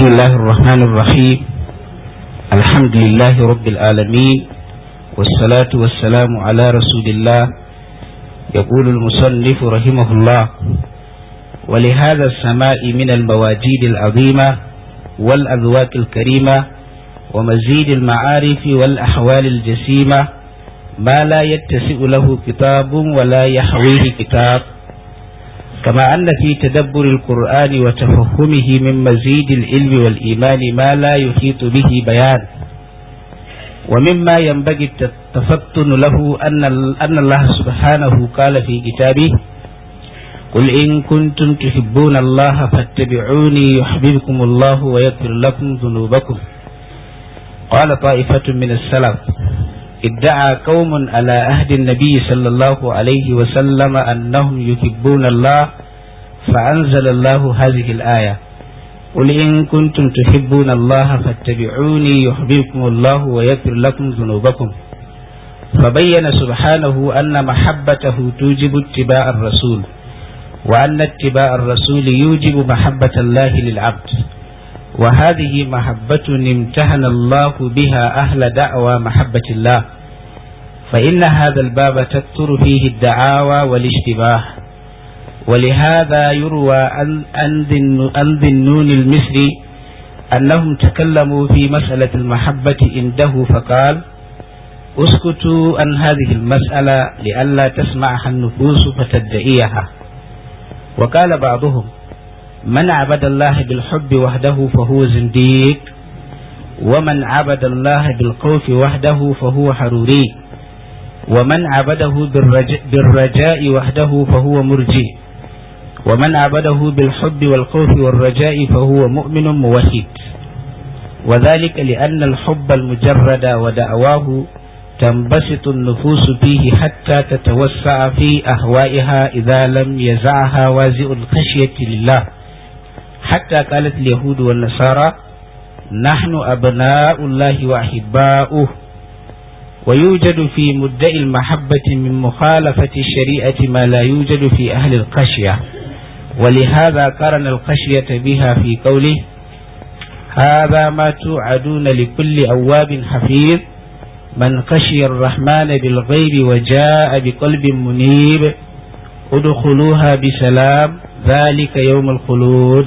بسم الله الرحمن الرحيم الحمد لله رب العالمين والصلاة والسلام على رسول الله يقول المصنف رحمه الله ولهذا السماء من المواجيد العظيمة والأذواق الكريمة ومزيد المعارف والأحوال الجسيمة ما لا يتسع له كتاب ولا يحويه كتاب كما أن في تدبر القرآن وتفهمه من مزيد العلم والإيمان ما لا يحيط به بيان ومما ينبغي التفطن له أن, أن الله سبحانه قال في كتابه قل إن كنتم تحبون الله فاتبعوني يحببكم الله ويغفر لكم ذنوبكم قال طائفة من السلف ادعى قوم على عهد النبي صلى الله عليه وسلم أنهم يحبون الله فأنزل الله هذه الآية قل إن كنتم تحبون الله فاتبعوني يحببكم الله ويغفر لكم ذنوبكم فبين سبحانه أن محبته توجب اتباع الرسول وأن اتباع الرسول يوجب محبة الله للعبد وهذه محبة امتهن الله بها أهل دعوى محبة الله فإن هذا الباب تكثر فيه الدعاوى والاشتباه ولهذا يروى عن ذي النون المصري أنهم تكلموا في مسألة المحبة عنده فقال اسكتوا عن هذه المسألة لئلا تسمعها النفوس فتدعيها وقال بعضهم من عبد الله بالحب وحده فهو زنديق ومن عبد الله بالخوف وحده فهو حروري ومن عبده بالرجاء, بالرجاء وحده فهو مرجي ومن عبده بالحب والخوف والرجاء فهو مؤمن موحد وذلك لأن الحب المجرد ودعواه تنبسط النفوس فيه حتى تتوسع في أهوائها إذا لم يزعها وازئ الخشية لله حتى قالت اليهود والنصارى نحن أبناء الله وأحباؤه ويوجد في مدعي المحبة من مخالفة الشريعة ما لا يوجد في أهل القشية ولهذا قرن القشية بها في قوله هذا ما توعدون لكل أواب حفيظ من خشي الرحمن بالغيب وجاء بقلب منيب ادخلوها بسلام ذلك يوم الخلود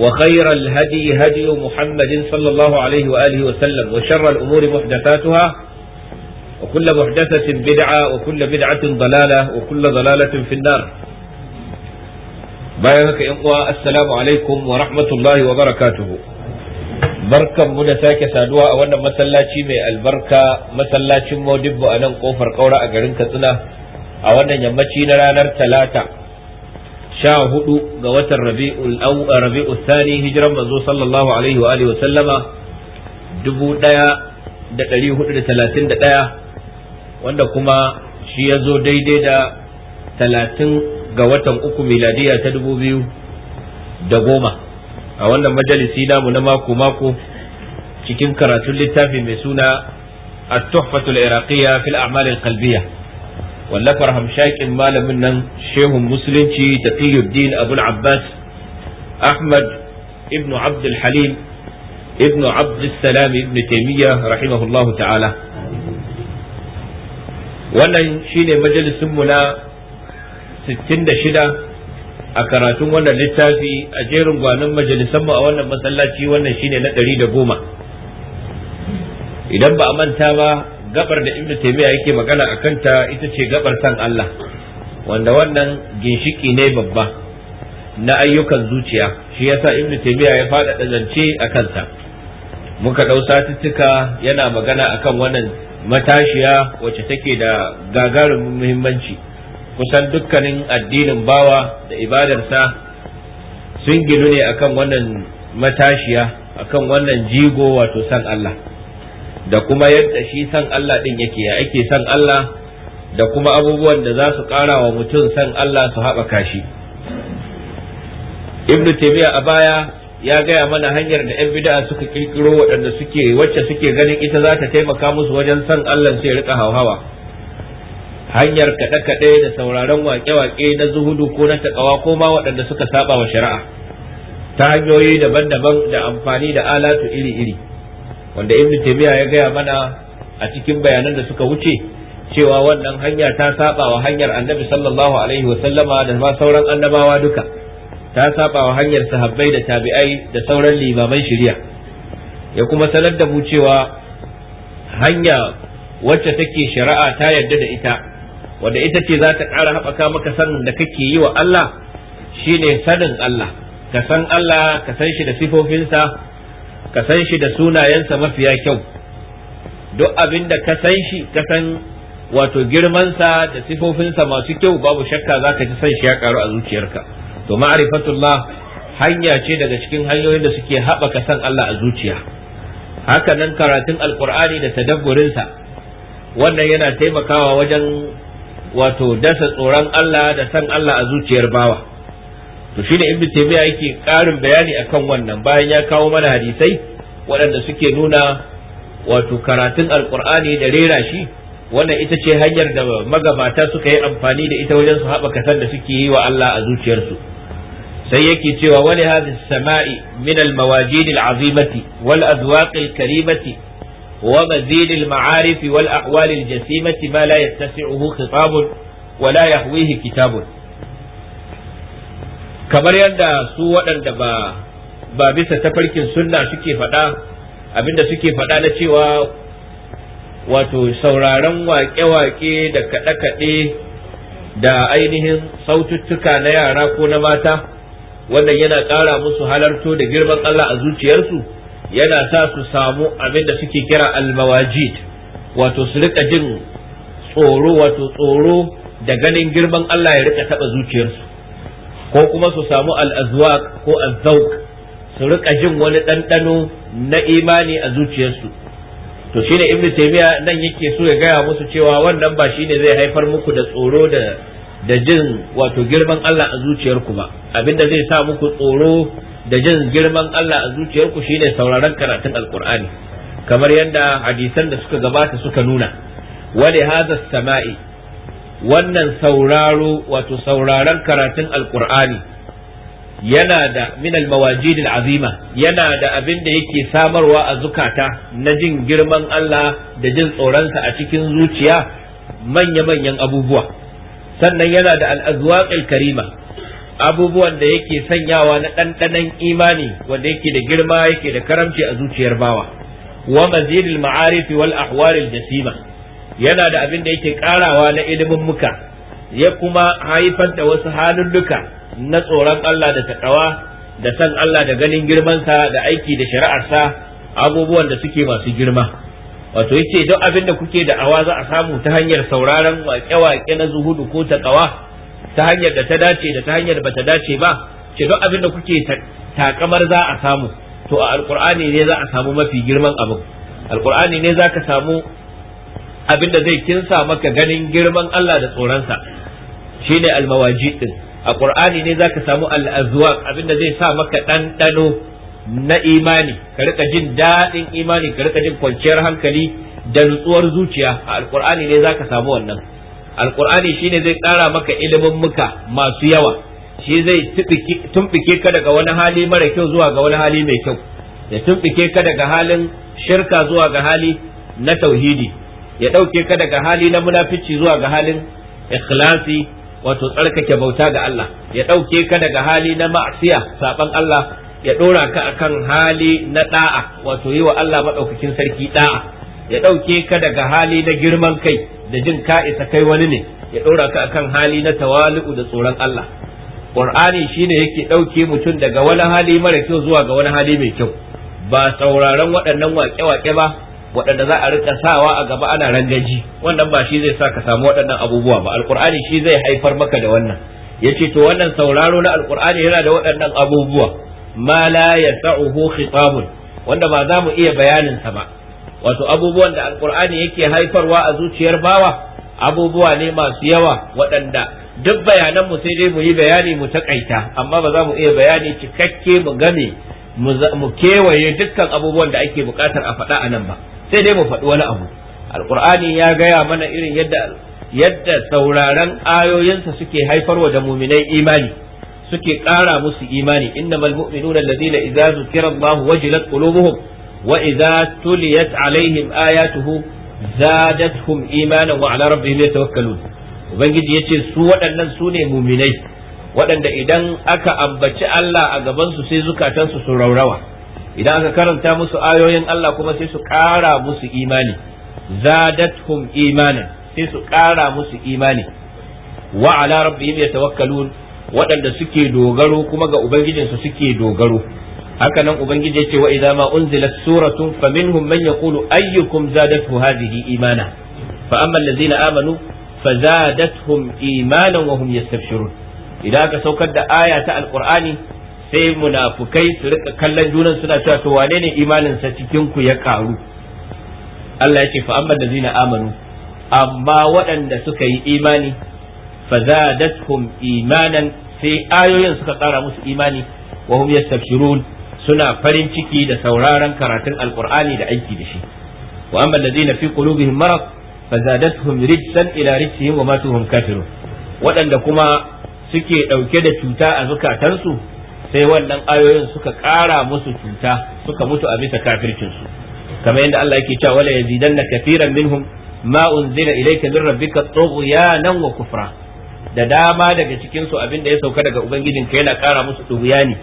وخير الهدي هدي محمد صلى الله عليه وآله وسلم وشر الأمور محدثاتها وكل محدثة بدعة وكل بدعة ضلالة وكل ضلالة في النار بارك إخوة السلام عليكم ورحمة الله وبركاته barkan mu da sake saduwa a wannan masallaci mai albarka masallacin modibbo a nan kofar kaura a garin katsina a wannan yammaci na ranar talata sha hudu ga watan eh, rabi'u thani hijiran manzo sallallahu alaihi wa alihi wa sallama dubu da da talatin da wanda kuma shi ya zo daidai da talatin ga watan uku miladiya ta dubu biyu da goma a wannan majalisi namu na mako mako cikin karatun littafi mai suna at-tuhfatul iraqiyya fil a'mal al-qalbiyya wallafar hamshakin malamin nan shehun musulunci taqiyuddin abul abbas ahmad ibnu abdul ibnu abdul ibnu taimiyya rahimahullahu ta'ala wannan shine majalisinmu na 66 a karatun wannan littafi a jerin gwanon majalisanmu a wannan masallaci wannan shine na 110 idan ba a manta ba gabar da ibnu taymiya yake magana a kanta ita ce gabar san Allah wanda wannan ginshiki ne babba na ayyukan zuciya shi yasa ibnu taymiya ya faɗaɗa zance a kansa muka ɗau satuttuka yana magana akan wannan matashiya wacce take da gagarumin muhimmanci kusan dukkanin addinin bawa da ibadarsa sun ginu ne akan wannan matashiya akan wannan jigo wato san Allah da kuma yadda shi san Allah din yake ya ake san Allah da kuma abubuwan da za su ƙara wa mutum san Allah su haɓaka shi ibn taymiya a baya ya gaya mana hanyar da 'yan bid'a suka kirkiro waɗanda suke wacce suke ganin ita za ta taimaka musu wajen san Allah sai rika hauhawa hanyar kaɗe-kaɗe da sauraron waƙe-waƙe na zuhudu ko na taƙawa ko ma waɗanda suka saba wa shari'a ta hanyoyi daban-daban da amfani da alatu iri-iri wanda ibnu tabiya ya gaya mana a cikin bayanan da suka wuce cewa wannan hanya ta saba wa hanyar annabi sallallahu alaihi wa sallama da ma sauran annabawa duka ta saba wa hanyar sahabbai da tabi'ai da sauran limaman shari'a ya kuma sanar da mu cewa hanya wacce take shari'a ta yarda da ita wanda ita ce za ta ƙara haɓaka maka sanin da kake yi wa Allah shine sanin Allah ka san Allah ka san shi da sifofinsa ka san shi da sunayensa mafiya kyau duk abin da ka san shi ka san wato girmansa da sifofinsa masu kyau babu shakka za ka ji san shi ya karu a zuciyarka to ma'rifatullah hanya ce daga cikin hanyoyin da suke haɓaka san Allah a zuciya haka nan karatun alkur'ani da tadabburinsa wannan yana taimakawa wajen wato dasa tsoron Allah da san Allah a zuciyar bawa to shine ibnu taymiya yake karin bayani akan wannan bayan ya kawo mana hadisai waɗanda suke nuna wato karatun alqur'ani da rera shi wannan ita ce hanyar da magabata suka yi amfani da ita wajen su haɓaka san da suke yi wa Allah a zuciyarsu sai yake cewa wani hadis sama'i min al-mawajid azimati wal azwaq al-karimati wa mazid al wal ahwal al-jasimati ma la yattasi'uhu khitabun wa la yahwihi kitabun kamar yadda su waɗanda ba ba bisa tafarkin sunna suke faɗa abinda suke faɗa na cewa wato sauraron waƙe-waƙe da kaɗe-kaɗe da ainihin saututtuka na yara ko na mata wannan yana ƙara musu halarto da girman Allah a zuciyarsu yana sa su samu abin da suke kira almawajid wato su rika jin tsoro wato tsoro da ganin girman Allah ya rika taɓa zuciyarsu ko kuma su samu al'azwaq ko azzauq su rika jin wani ɗanɗano na imani a zuciyarsu to shine ibnu taymiya nan yake so ya gaya musu cewa wannan ba shine zai haifar muku da tsoro da jin wato girman Allah a zuciyarku ba abinda zai sa muku tsoro da jin girman Allah a zuciyarku shine sauraron karatun alkur'ani kamar yadda hadisan da suka gabata suka nuna wali hadha samai wannan sauraro wato sauraron karatun alkur'ani yana da min almawajid azima yana da abin da yake samarwa a zukata na jin girman Allah da jin tsoronsa a cikin zuciya manya-manyan abubuwa sannan yana da al'azwaƙil karima abubuwan da yake sanyawa na ɗanɗanon imani wanda yake da girma yake da karamci a zuciyar bawa wa mazidil ma'arifi wal ahwaril jasima yana da abin da yake karawa na ilimin muka ya kuma haifar da wasu halulluka na tsoron Allah da takawa da san Allah da ganin girmansa da aiki da shari'arsa abubuwan da suke masu girma wato yace duk abin da kuke da awa za a samu ta hanyar sauraron waƙe-waƙe na zuhudu ko takawa ta hanyar da ta dace da ta hanyar bata dace ba ce duk abin da kuke takamar za a samu to a alkur'ani ne za a samu mafi girman abin alkur'ani ne za ka samu abinda zai kinsa maka ganin girman Allah da tsoronsa shine almawaji din a qur'ani ne zaka samu al-azwaq abinda zai sa maka ɗanɗano na imani ka rika jin daɗin imani ka rika jin kwanciyar hankali da nutsuwar zuciya a alqur'ani ne zaka samu wannan alqur'ani shine zai ƙara maka ilimin muka masu yawa shi zai tumfike ka daga wani hali mara kyau zuwa ga wani hali mai kyau ya tumfike ka daga halin shirka zuwa ga hali na tauhidi ya ɗauke ka daga hali na munafici zuwa ga halin ikhlasi wato tsarkake bauta ga Allah ya ɗauke ka daga hali na ma'asiya saban Allah ya ɗora ka akan hali na da'a wato yi wa Allah maɗaukakin sarki da'a ya ɗauke ka daga hali na girman kai da jin ka isa kai wani ne ya ɗora ka akan hali na tawali'u da tsoron Allah Qur'ani shine yake ɗauke mutum daga wani hali mara kyau zuwa ga wani hali mai kyau ba sauraron waɗannan waƙe-waƙe ba waɗanda za a rika sawa a gaba ana rangaji wannan ba shi zai sa ka samu waɗannan abubuwa ba alkur'ani shi zai haifar maka da wannan yace to wannan sauraro na alkur'ani yana da waɗannan abubuwa ma la yasa'uhu khitabun wanda ba za mu iya bayanin sa ba wato abubuwan da alkur'ani yake haifarwa a zuciyar bawa abubuwa ne masu yawa waɗanda duk bayanan mu sai dai mu yi bayani mu takaita amma ba za mu iya bayani cikakke mu game mu kewaye dukkan abubuwan da ake bukatar a faɗa a nan ba sai dai mu faɗi wani abu alkur'ani ya gaya mana irin yadda yadda sauraron ayoyinsa suke haifarwa da muminai imani suke ƙara musu imani innamal mu'minuna alladhina idza zukira Allah wajilat qulubuhum wa idza tuliyat alaihim ayatuhu zadatuhum imanan wa ala rabbihim yatawakkalun ubangiji yace su waɗannan su ne muminai waɗanda idan aka ambaci Allah a gaban su sai zukatansu su raurawa idan aka karanta musu ayoyin Allah kuma sai su ƙara musu imani zadathum imanan sai su ƙara musu imani wa ala rabbihim yatawakkalun waɗanda suke dogaro kuma ga ubangijinsu suke dogaro haka nan ubangiji yace wa idza ma unzilat suratun faminhum man yaqulu ayyukum zadathu hadhihi imana fa amma allazina amanu fazadathum imanan wa hum yastabshirun idan aka saukar da aya ta alqur'ani sai munafukai su rika kallon junan suna cewa to wane ne imanin sa cikin ku ya karu Allah yake fa amma dazina amanu amma waɗanda suka yi imani fa zadatkum imanan sai ayoyin suka tsara musu imani wa hum yastabshirun suna farin ciki da sauraron karatun alqur'ani da aiki da shi wa amma dazina fi qulubihim marad zadatkum rijsan ila rijsihim wa matuhum kafirun waɗanda kuma suke ɗauke da cuta a zukatansu sai wannan ayoyin suka ƙara musu cuta suka mutu a bisa kafircinsu kamar yadda Allah yake cewa wala yazidanna kathiran minhum ma unzila ilayka min rabbika nan wa kufra da dama daga cikin su abinda ya sauka daga ubangijinka yana ƙara musu tughyani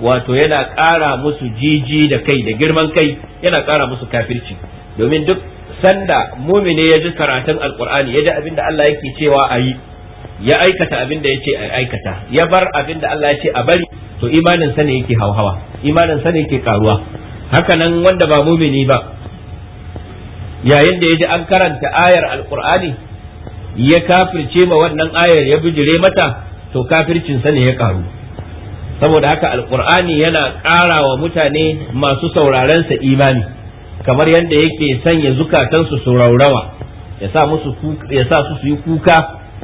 wato yana ƙara musu jiji da kai da girman kai yana ƙara musu kafirci domin duk sanda mumine ya ji karatun alqur'ani ya ji da Allah yake cewa yi, ya aikata ya ce a aikata ya bar abinda Allah ya ce a bari to imanin sa ne yake hauhawa imanin sa ne yake karuwa haka nan wanda ba mumini ba yayin da yaji an karanta ayar alqur'ani ya kafirce ma wannan ayar ya bijire mata to kafircin sa ne ya karu saboda haka alqur'ani yana ƙara wa mutane masu sauraren sa imani kamar yadda yake sanya zukatansu su raurawa ya sa musu ya sa su yi kuka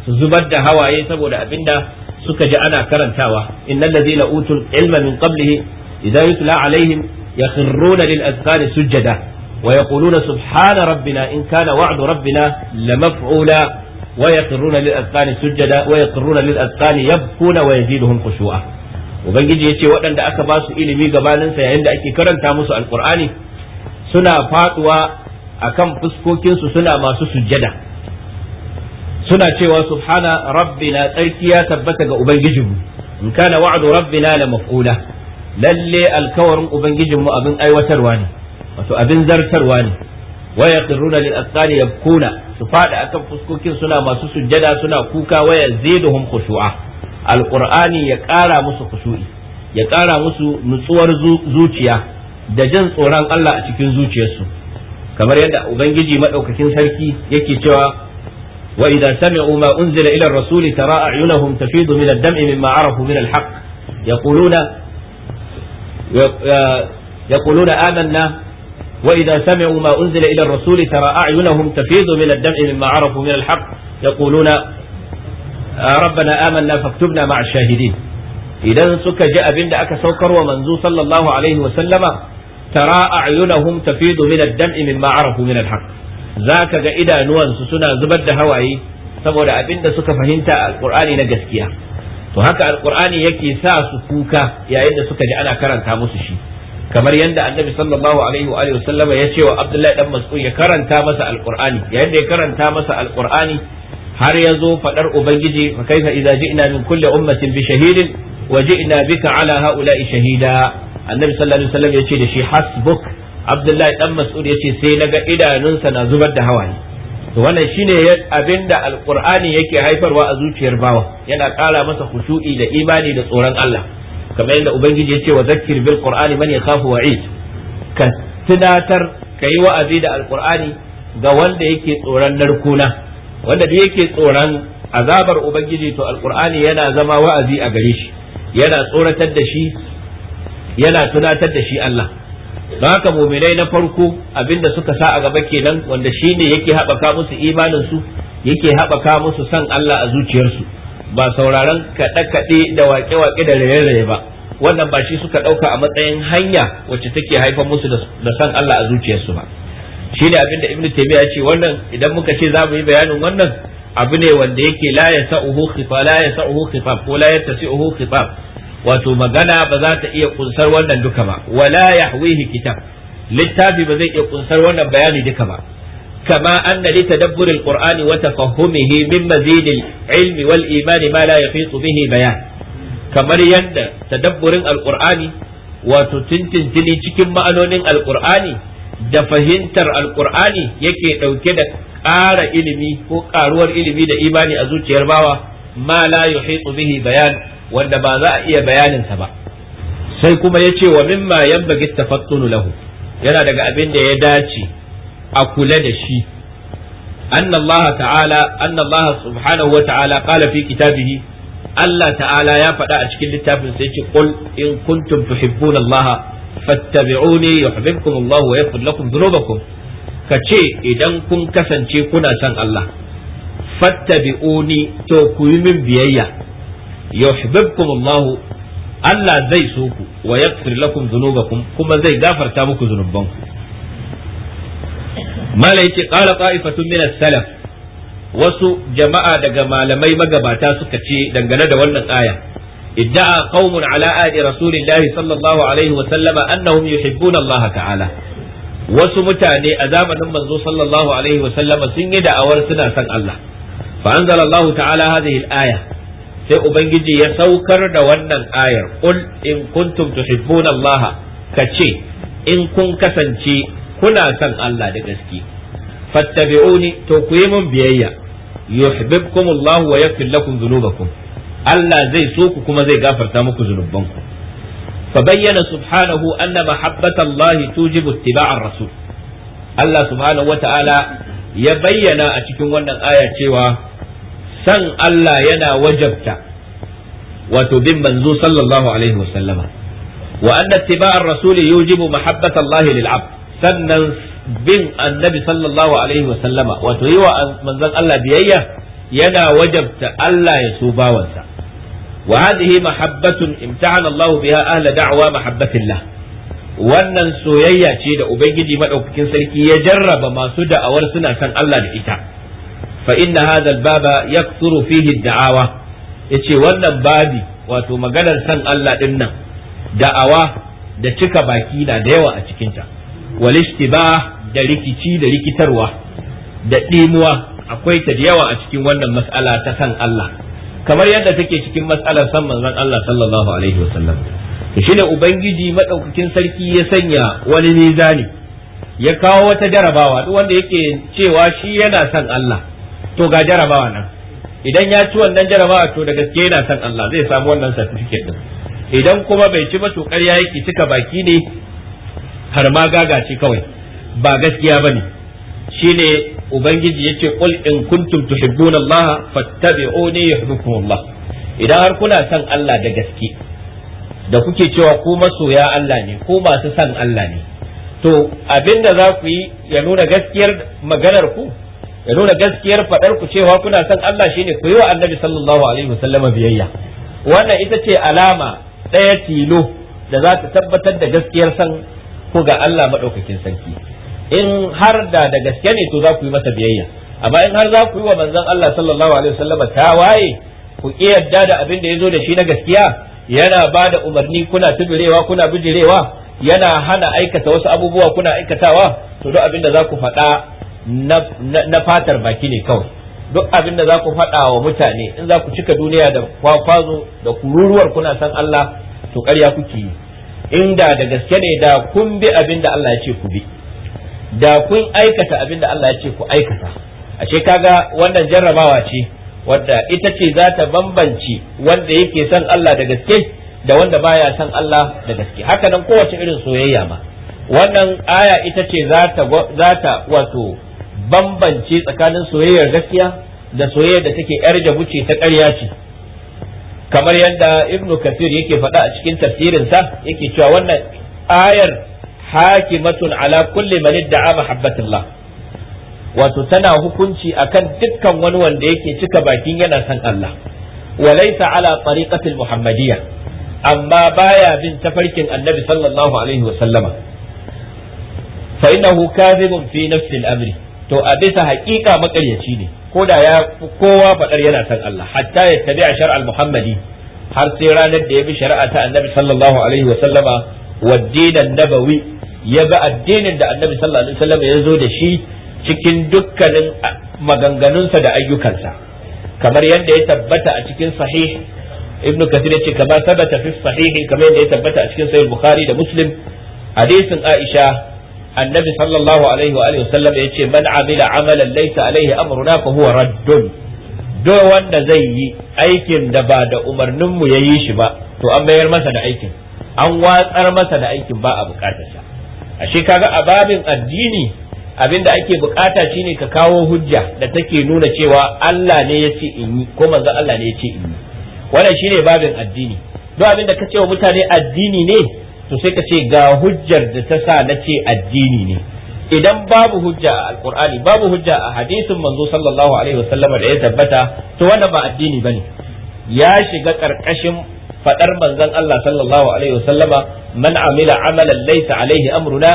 su zubar da hawaye saboda abinda suka ji ana karantawa innal ladzina utul ilma min qablihi idza yutla alaihim yakhruna lil azqani sujada wa yaquluna subhana rabbina in kana wa'du rabbina lamaf'ula wa yakhruna lil azqani sujada wa yakhruna lil azqani yabkuna wa yaziduhum khushu'a ubangiji yace waɗanda aka ba su ilimi gabanin sa yayin da ake karanta musu alqur'ani suna faduwa akan fuskokin su suna masu sujjada suna cewa subhana rabbina tsarkiya ya tabbata ga ubangijinmu in kana wa'du rabbina la maf'ula lalle alkawarin ubangijinmu abin aiwatarwa ne wato abin zartarwa ne wa yaqirruna lil asqani yabkuna su fada akan fuskokin suna masu sujjada suna kuka wa yaziduhum khushu'a alqur'ani ya kara musu khushu'i ya kara musu nutsuwar zuciya da jin tsoron Allah a cikin zuciyarsu kamar yadda ubangiji madaukakin sarki yake cewa وإذا سمعوا ما أنزل إلى الرسول ترى أعينهم تفيض من الدمع مما عرفوا من الحق يقولون آه، يقولون آمنا وإذا سمعوا ما أنزل إلى الرسول ترى أعينهم تفيض من الدمع مما عرفوا من الحق يقولون آه، ربنا آمنا فاكتبنا مع الشاهدين إذا سك جاء بند أكا سوكر ومنزو صلى الله عليه وسلم ترى أعينهم تفيض من الدمع مما عرفوا من الحق za ka ga idanuwansu suna zubar da hawaye saboda abin da suka fahimta a alkur'ani na gaskiya to haka alkur'ani yake sa su kuka yayin da suka ji ana karanta musu shi kamar yadda annabi sallallahu alaihi wa alihi sallama ya ce wa abdullahi dan mas'ud ya karanta masa alkur'ani yayin da ya karanta masa alkur'ani har ya zo fadar ubangiji fa kaifa idza ji'na min kulli ummatin bi shahidin wa ji'na bika ala ha'ula'i shahida annabi sallallahu alaihi wasallam ya ce da shi hasbuk abdullahi dan mas'ud ce sai na ga idanunsa na zubar da hawaye to wannan shine abinda alqur'ani yake haifarwa a zuciyar bawa yana ƙara masa khushu'i da imani da tsoron Allah kamar yadda ubangiji yace wa zakkir bil qur'ani man yakhafu wa'id ka tunatar kai wa'azi da alqur'ani ga wanda yake tsoron narkuna wanda yake tsoron azabar ubangiji to alqur'ani yana zama wa'azi a gare shi yana tsoratar da shi yana tunatar da shi Allah don haka muminai na farko abinda suka sa a gaba kenan wanda shine yake haɓaka musu imaninsu yake haɓaka musu san Allah a zuciyarsu ba sauraron kaɗe-kaɗe da waƙe-waƙe da raye-raye ba wannan ba shi suka ɗauka a matsayin hanya wacce take haifar musu da san Allah a zuciyarsu ba shi ne abinda ibnu taimiyya ya ce wannan idan muka ce za mu yi bayanin wannan abu ne wanda yake la ya sa'uhu khifab la ya sa'uhu khifab ko la yattasi'uhu khifab wato magana ba za ta iya kunsar wannan duka ba wala yahwihi kitab littafi ba zai iya kunsar wannan bayani duka ba كما أن لتدبر القرآن وتفهمه من مزيد العلم والإيمان ما لا يحيط به بيان yadda يند تدبر القرآن wato تلي cikin ma'anonin القرآن da fahimtar alkur'ani yake ɗauke da ƙara ilimi ko ƙaruwar ilimi da imani a zuciyar bawa ma la yuhitu bihi bayan wanda ba za a iya bayaninsa ba sai kuma ya ce wa mimma yan bagi lahu yana daga abin da ya dace a kula da shi annallaha ta'ala annallaha subhanahu wa ta'ala kala fi kitabihi Allah ta'ala ya faɗa a cikin littafin sai ce qul in kuntum tuhibbuna allaha fattabi'uni yuhibbukum allahu wa yaghfir lakum dhunubakum ka ce idan kun kasance kuna son Allah fattabi'uni to kuyi min biyayya yuhibbukumullahu Allah zai so ku wa yaghfir lakum dhunubakum kuma zai gafarta muku zunubanku Malaiki, yace qala qa'ifatun min as-salaf wasu jama'a daga malamai magabata suka ce dangane da wannan aya idda'a qaumun ala adi rasulillahi sallallahu alaihi wa sallama annahum yuhibbuna Allah ta'ala wasu mutane a zamanin manzo sallallahu alaihi wa sallama sun yi da'awar suna son Allah fa anzalallahu ta'ala hadhihi al-aya sai ubangiji ya saukar da wannan ayar qul in kuntum tuhibbuna Allah kace in kun kasance kuna son Allah da gaske fattabi'uni to ku yi mun biyayya yuhibbukum Allah wa yaghfir lakum dhunubakum Allah zai so ku kuma zai gafarta muku zunubanku fa bayyana subhanahu anna mahabbata Allah tujibu ittiba'ar rasul Allah subhanahu ya bayyana a cikin wannan ayar cewa san Allah yana wajabta wato bin manzo sallallahu alaihi wasallama wa anna ittiba'ar rasul yujibu mahabbata Allah lil sannan bin annabi sallallahu alaihi wasallama wato yi wa manzon Allah biyayya yana wajabta Allah ya so bawansa wa hadhihi mahabbatun imtahana Allah biha ahla da'wa mahabbatillah wannan soyayya ce da ubangiji madaukakin sarki ya jarraba masu da'awar suna san Allah da ita fa inna hadha al-baba yakthuru fihi ad-da'awa yace wannan babi wato maganar san Allah din nan da'awa da cika baki na da yawa a cikin ta wal da rikici da rikitarwa da dimuwa akwai ta da yawa a cikin wannan mas'ala ta san Allah kamar yadda take cikin mas'alar san manzon Allah sallallahu alaihi wasallam shine ubangiji madaukakin sarki ya sanya wani mizani ya kawo wata jarabawa duk wanda yake cewa shi yana san Allah to ga jarabawa nan idan ya ci wannan jarabawa to da gaske yana san Allah zai samu wannan certificate din idan kuma bai ci ba to ƙarya yake cika baki ne har ma gagaci kawai ba gaskiya bane shine ubangiji yace qul in kuntum tuhibbuna Allah fattabi'uni yuhibbukum Allah idan har kuna san Allah da gaske da kuke cewa ko masoya Allah ne ko masu san Allah ne to abinda za ku yi ya nuna gaskiyar maganar ku ya nuna gaskiyar faɗar ku cewa kuna son Allah shine ku yi wa Annabi sallallahu alaihi wasallama biyayya wannan ita ce alama ɗaya tilo da za ta tabbatar da gaskiyar san ku ga Allah madaukakin sarki in har da da gaske ne to za ku yi masa biyayya amma in har za ku yi wa manzon Allah sallallahu alaihi wasallama tawaye ku yarda da abin da ya zo da shi na gaskiya yana ba da umarni kuna tubirewa kuna bijirewa yana hana aikata wasu abubuwa kuna aikatawa to duk abin da za ku faɗa na fatar baki ne kawai duk abin da za ku faɗa wa mutane in za ku cika duniya da kwakwazo da kururuwar kuna san Allah to ƙarya kuke yi inda da gaske ne da kun bi abin da Allah ya ce ku bi da kun aikata abin da Allah ya ce ku aikata ashe kaga wannan jarrabawa ce wadda ita ce za ta bambanci wanda yake son Allah da gaske da wanda baya son Allah da gaske haka nan kowace irin soyayya ma wannan aya ita ce za ta wato bambance tsakanin soyayyar gaskiya da soyayyar da take yar wuce ta ƙarya ce kamar yadda ibn kafir yake faɗa a cikin tafsirinsa yake cewa wannan ayar hakimatun ala kulli man idda'a mahabbatillah wato tana hukunci akan dukkan wani wanda yake cika bakin yana san Allah walaysa ala tariqatil muhammadiyya amma baya bin tafarkin annabi sallallahu alaihi wa sallama fa innahu kadhibun fi nafsi al-amri to a bisa haƙiƙa makaryaci ne ko da ya kowa faɗar yana san Allah hatta ya tabi a shar'al muhammadi har sai ranar da ya bi shari'a ta annabi sallallahu alaihi wa sallama wa dinan nabawi ya bi addinin da annabi sallallahu alaihi wa sallama ya zo da shi cikin dukkanin maganganunsa da ayyukansa kamar yadda ya tabbata a cikin sahih ibn kathir ce kama tabbata fi sahih kamar yadda ya tabbata a cikin sahih bukhari da muslim hadisin aisha annabi sallallahu alaihi wa alihi ya yace man amila amalan laysa alaihi amruna fa huwa raddun do wanda zai yi aikin da ba da umarnin mu yayi shi ba to an bayar masa da aikin an watsar masa da aikin ba a bukatar sa ashe kaga a babin addini abinda ake bukata shine ka kawo hujja da take nuna cewa Allah ne ya ce in yi ko manzo Allah ne ya ce in yi wannan shine babin addini duk abinda ka ce wa mutane addini ne to sai ka ce ga hujjar da ta sa na ce addini ne idan babu hujja a alkur'ani babu hujja a hadisin manzo sallallahu alaihi wasallam da ya tabbata to wanda ba addini bane ya shiga karkashin fadar manzon Allah sallallahu alaihi wasallama man amila amalan laysa alaihi amruna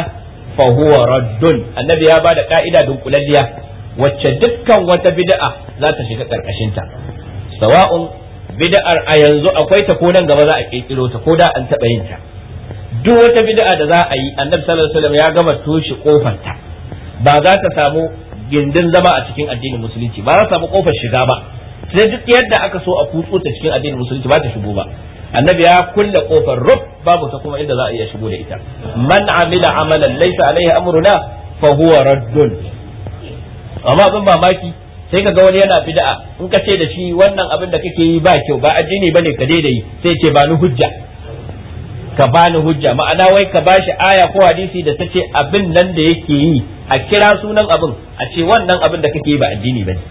fa huwa raddun annabi ya bada ka'ida dunkulalliya wacce dukkan wata bid'a za ta shiga karkashin ta sawa'un bid'ar a yanzu akwai ta ko nan gaba za a kirkiro ta ko da an taba yin ta duk wata bid'a da za a yi annabi sallallahu alaihi wasallam ya gama toshe kofarta ba za ta samu gindin zama a cikin addinin musulunci ba za ta samu kofar shiga ba sai duk yadda aka so a kutsu ta cikin addinin musulunci ba ta shigo ba annabi ya kulle kofar rub babu ta kuma inda za a iya shigo da ita man amila amalan laysa alaihi amruna fa huwa raddun amma abin mamaki sai ka ga wani yana bid'a in ka ce da shi wannan abin da kake yi ba kyau ba addini bane ka daidai sai ce ba ni hujja ka bani hujja ma'ana wai ka bashi aya ko hadisi da tace abin nan da yake yi a kira sunan abin a ce wannan abin da kake yi ba addini bane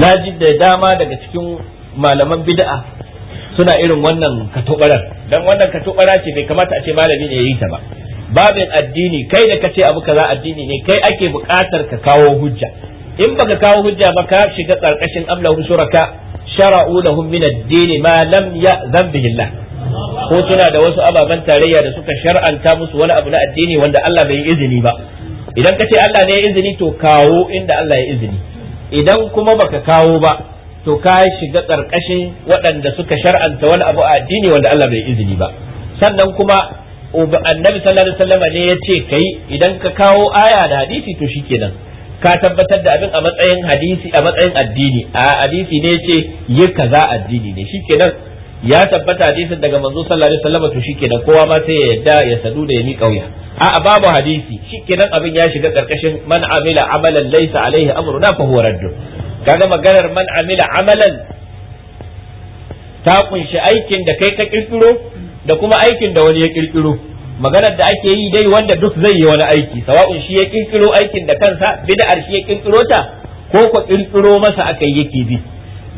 na ji da dama daga cikin malaman bid'a suna irin wannan katobarar dan wannan katubara ce bai kamata a ce malami ne yayi ta ba babin addini kai da kace abu kaza addini ne kai ake buƙatar ka kawo hujja in baka kawo hujja ba ka shiga karkashin amlahu shuraka shara'u lahum min ad-din ma lam ya'zan bihi ko suna da wasu ababen tarayya da suka shar'anta musu wani abu na addini wanda Allah bai yi izini ba idan ka ce Allah ne ya izini to kawo inda Allah ya izini idan kuma baka kawo ba to ka shiga karkashin waɗanda suka shar'anta wani abu a addini wanda Allah bai izini ba sannan kuma annabi sallallahu alaihi wasallam ne ya ce kai idan ka kawo aya da hadisi to shikenan ka tabbatar da abin a matsayin hadisi a matsayin addini a hadisi ne ya ce yi kaza addini ne shikenan ya tabbata hadisin daga manzo sallallahu alaihi wasallam to shikenan kowa ma sai ya yadda ya sadu da ya mi kauya a'a babu hadisi shikenan abin ya shiga karkashin man amila amalan laysa alaihi amruna fa huwa raddun kaga maganar man amila amalan ta kunshi aikin da kai ka kirkiro da kuma aikin da wani ya kirkiro maganar da ake yi dai wanda duk zai yi wani aiki sawa'un shi ya kirkiro aikin da kansa bid'ar shi ya kirkiro ta ko ko kirkiro masa akai yake bi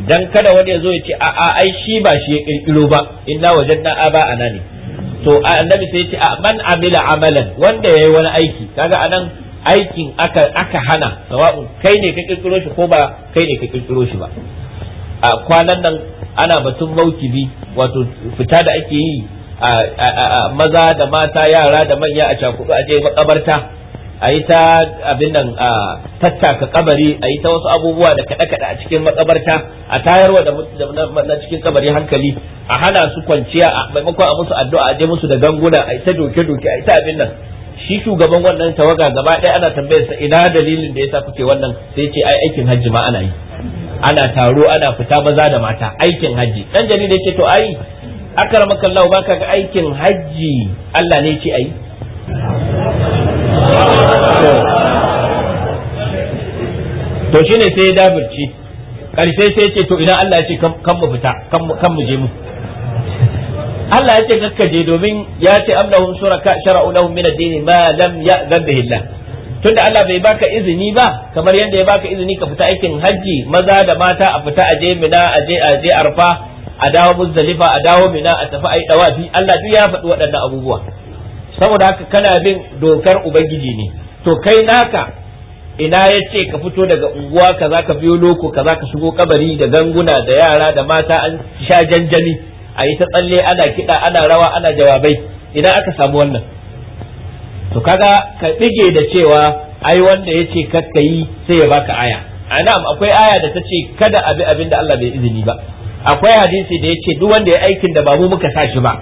dan kada wani ya zo ya ce a a ai shi ba shi ya kirkiro ba inna wajadna aba ana ne to annabi sai ya ce a man amila amalan wanda yayi wani aiki kaga anan aikin aka aka hana sawa'un kai ne ka kirkiro shi ko ba kai ne ka kirkiro shi ba a kwanan nan ana batun maukibi wato fita da ake yi a maza da mata yara da manya a cakudu a je makabarta a yi ta abin nan a tattaka kabari a yi ta wasu abubuwa da kaɗe kaɗe a cikin makabarta a tayarwa da na cikin kabari hankali a hana su kwanciya a maimakon a musu addu'a a je musu da ganguna a yi ta doke doke a yi ta abin nan shi shugaban wannan tawaga gaba ɗaya ana tambayar sa ina dalilin da yasa kuke wannan sai ce ai aikin hajji ma ana yi ana taro ana fita maza da mata aikin hajji dan jarida yace to ai akramakallahu baka ga aikin hajji Allah ne ce ai to shine sai ya dabirci karshe sai ce to idan Allah ya ce kan mu fita kan mu je mu Allah ya ce kakka je domin ya ce amnahum suraka shara'u lahum min ad-din ma lam ya'zan bihi Allah tunda Allah bai baka izini ba kamar yadda ya baka izini ka fita aikin hajji maza da mata a fita a je mina a je arfa a dawo muzdalifa a dawo mina a tafi ai dawafi Allah duk ya faɗi waɗannan abubuwa saboda haka kana bin dokar ubangiji ne to kai naka ina ya ce ka fito daga unguwa kaza ka biyo loko kaza ka shigo kabari da ganguna da yara da mata an sha janjani a yi ta tsalle ana kiɗa ana rawa ana jawabai idan aka samu wannan to kaga ka ɗige da cewa ai wanda ya ce ka yi sai ya baka aya na'am akwai aya da ta ce kada abi abin da Allah bai izini ba akwai hadisi da ya ce duk wanda ya aikin da ba mu muka sa shi ba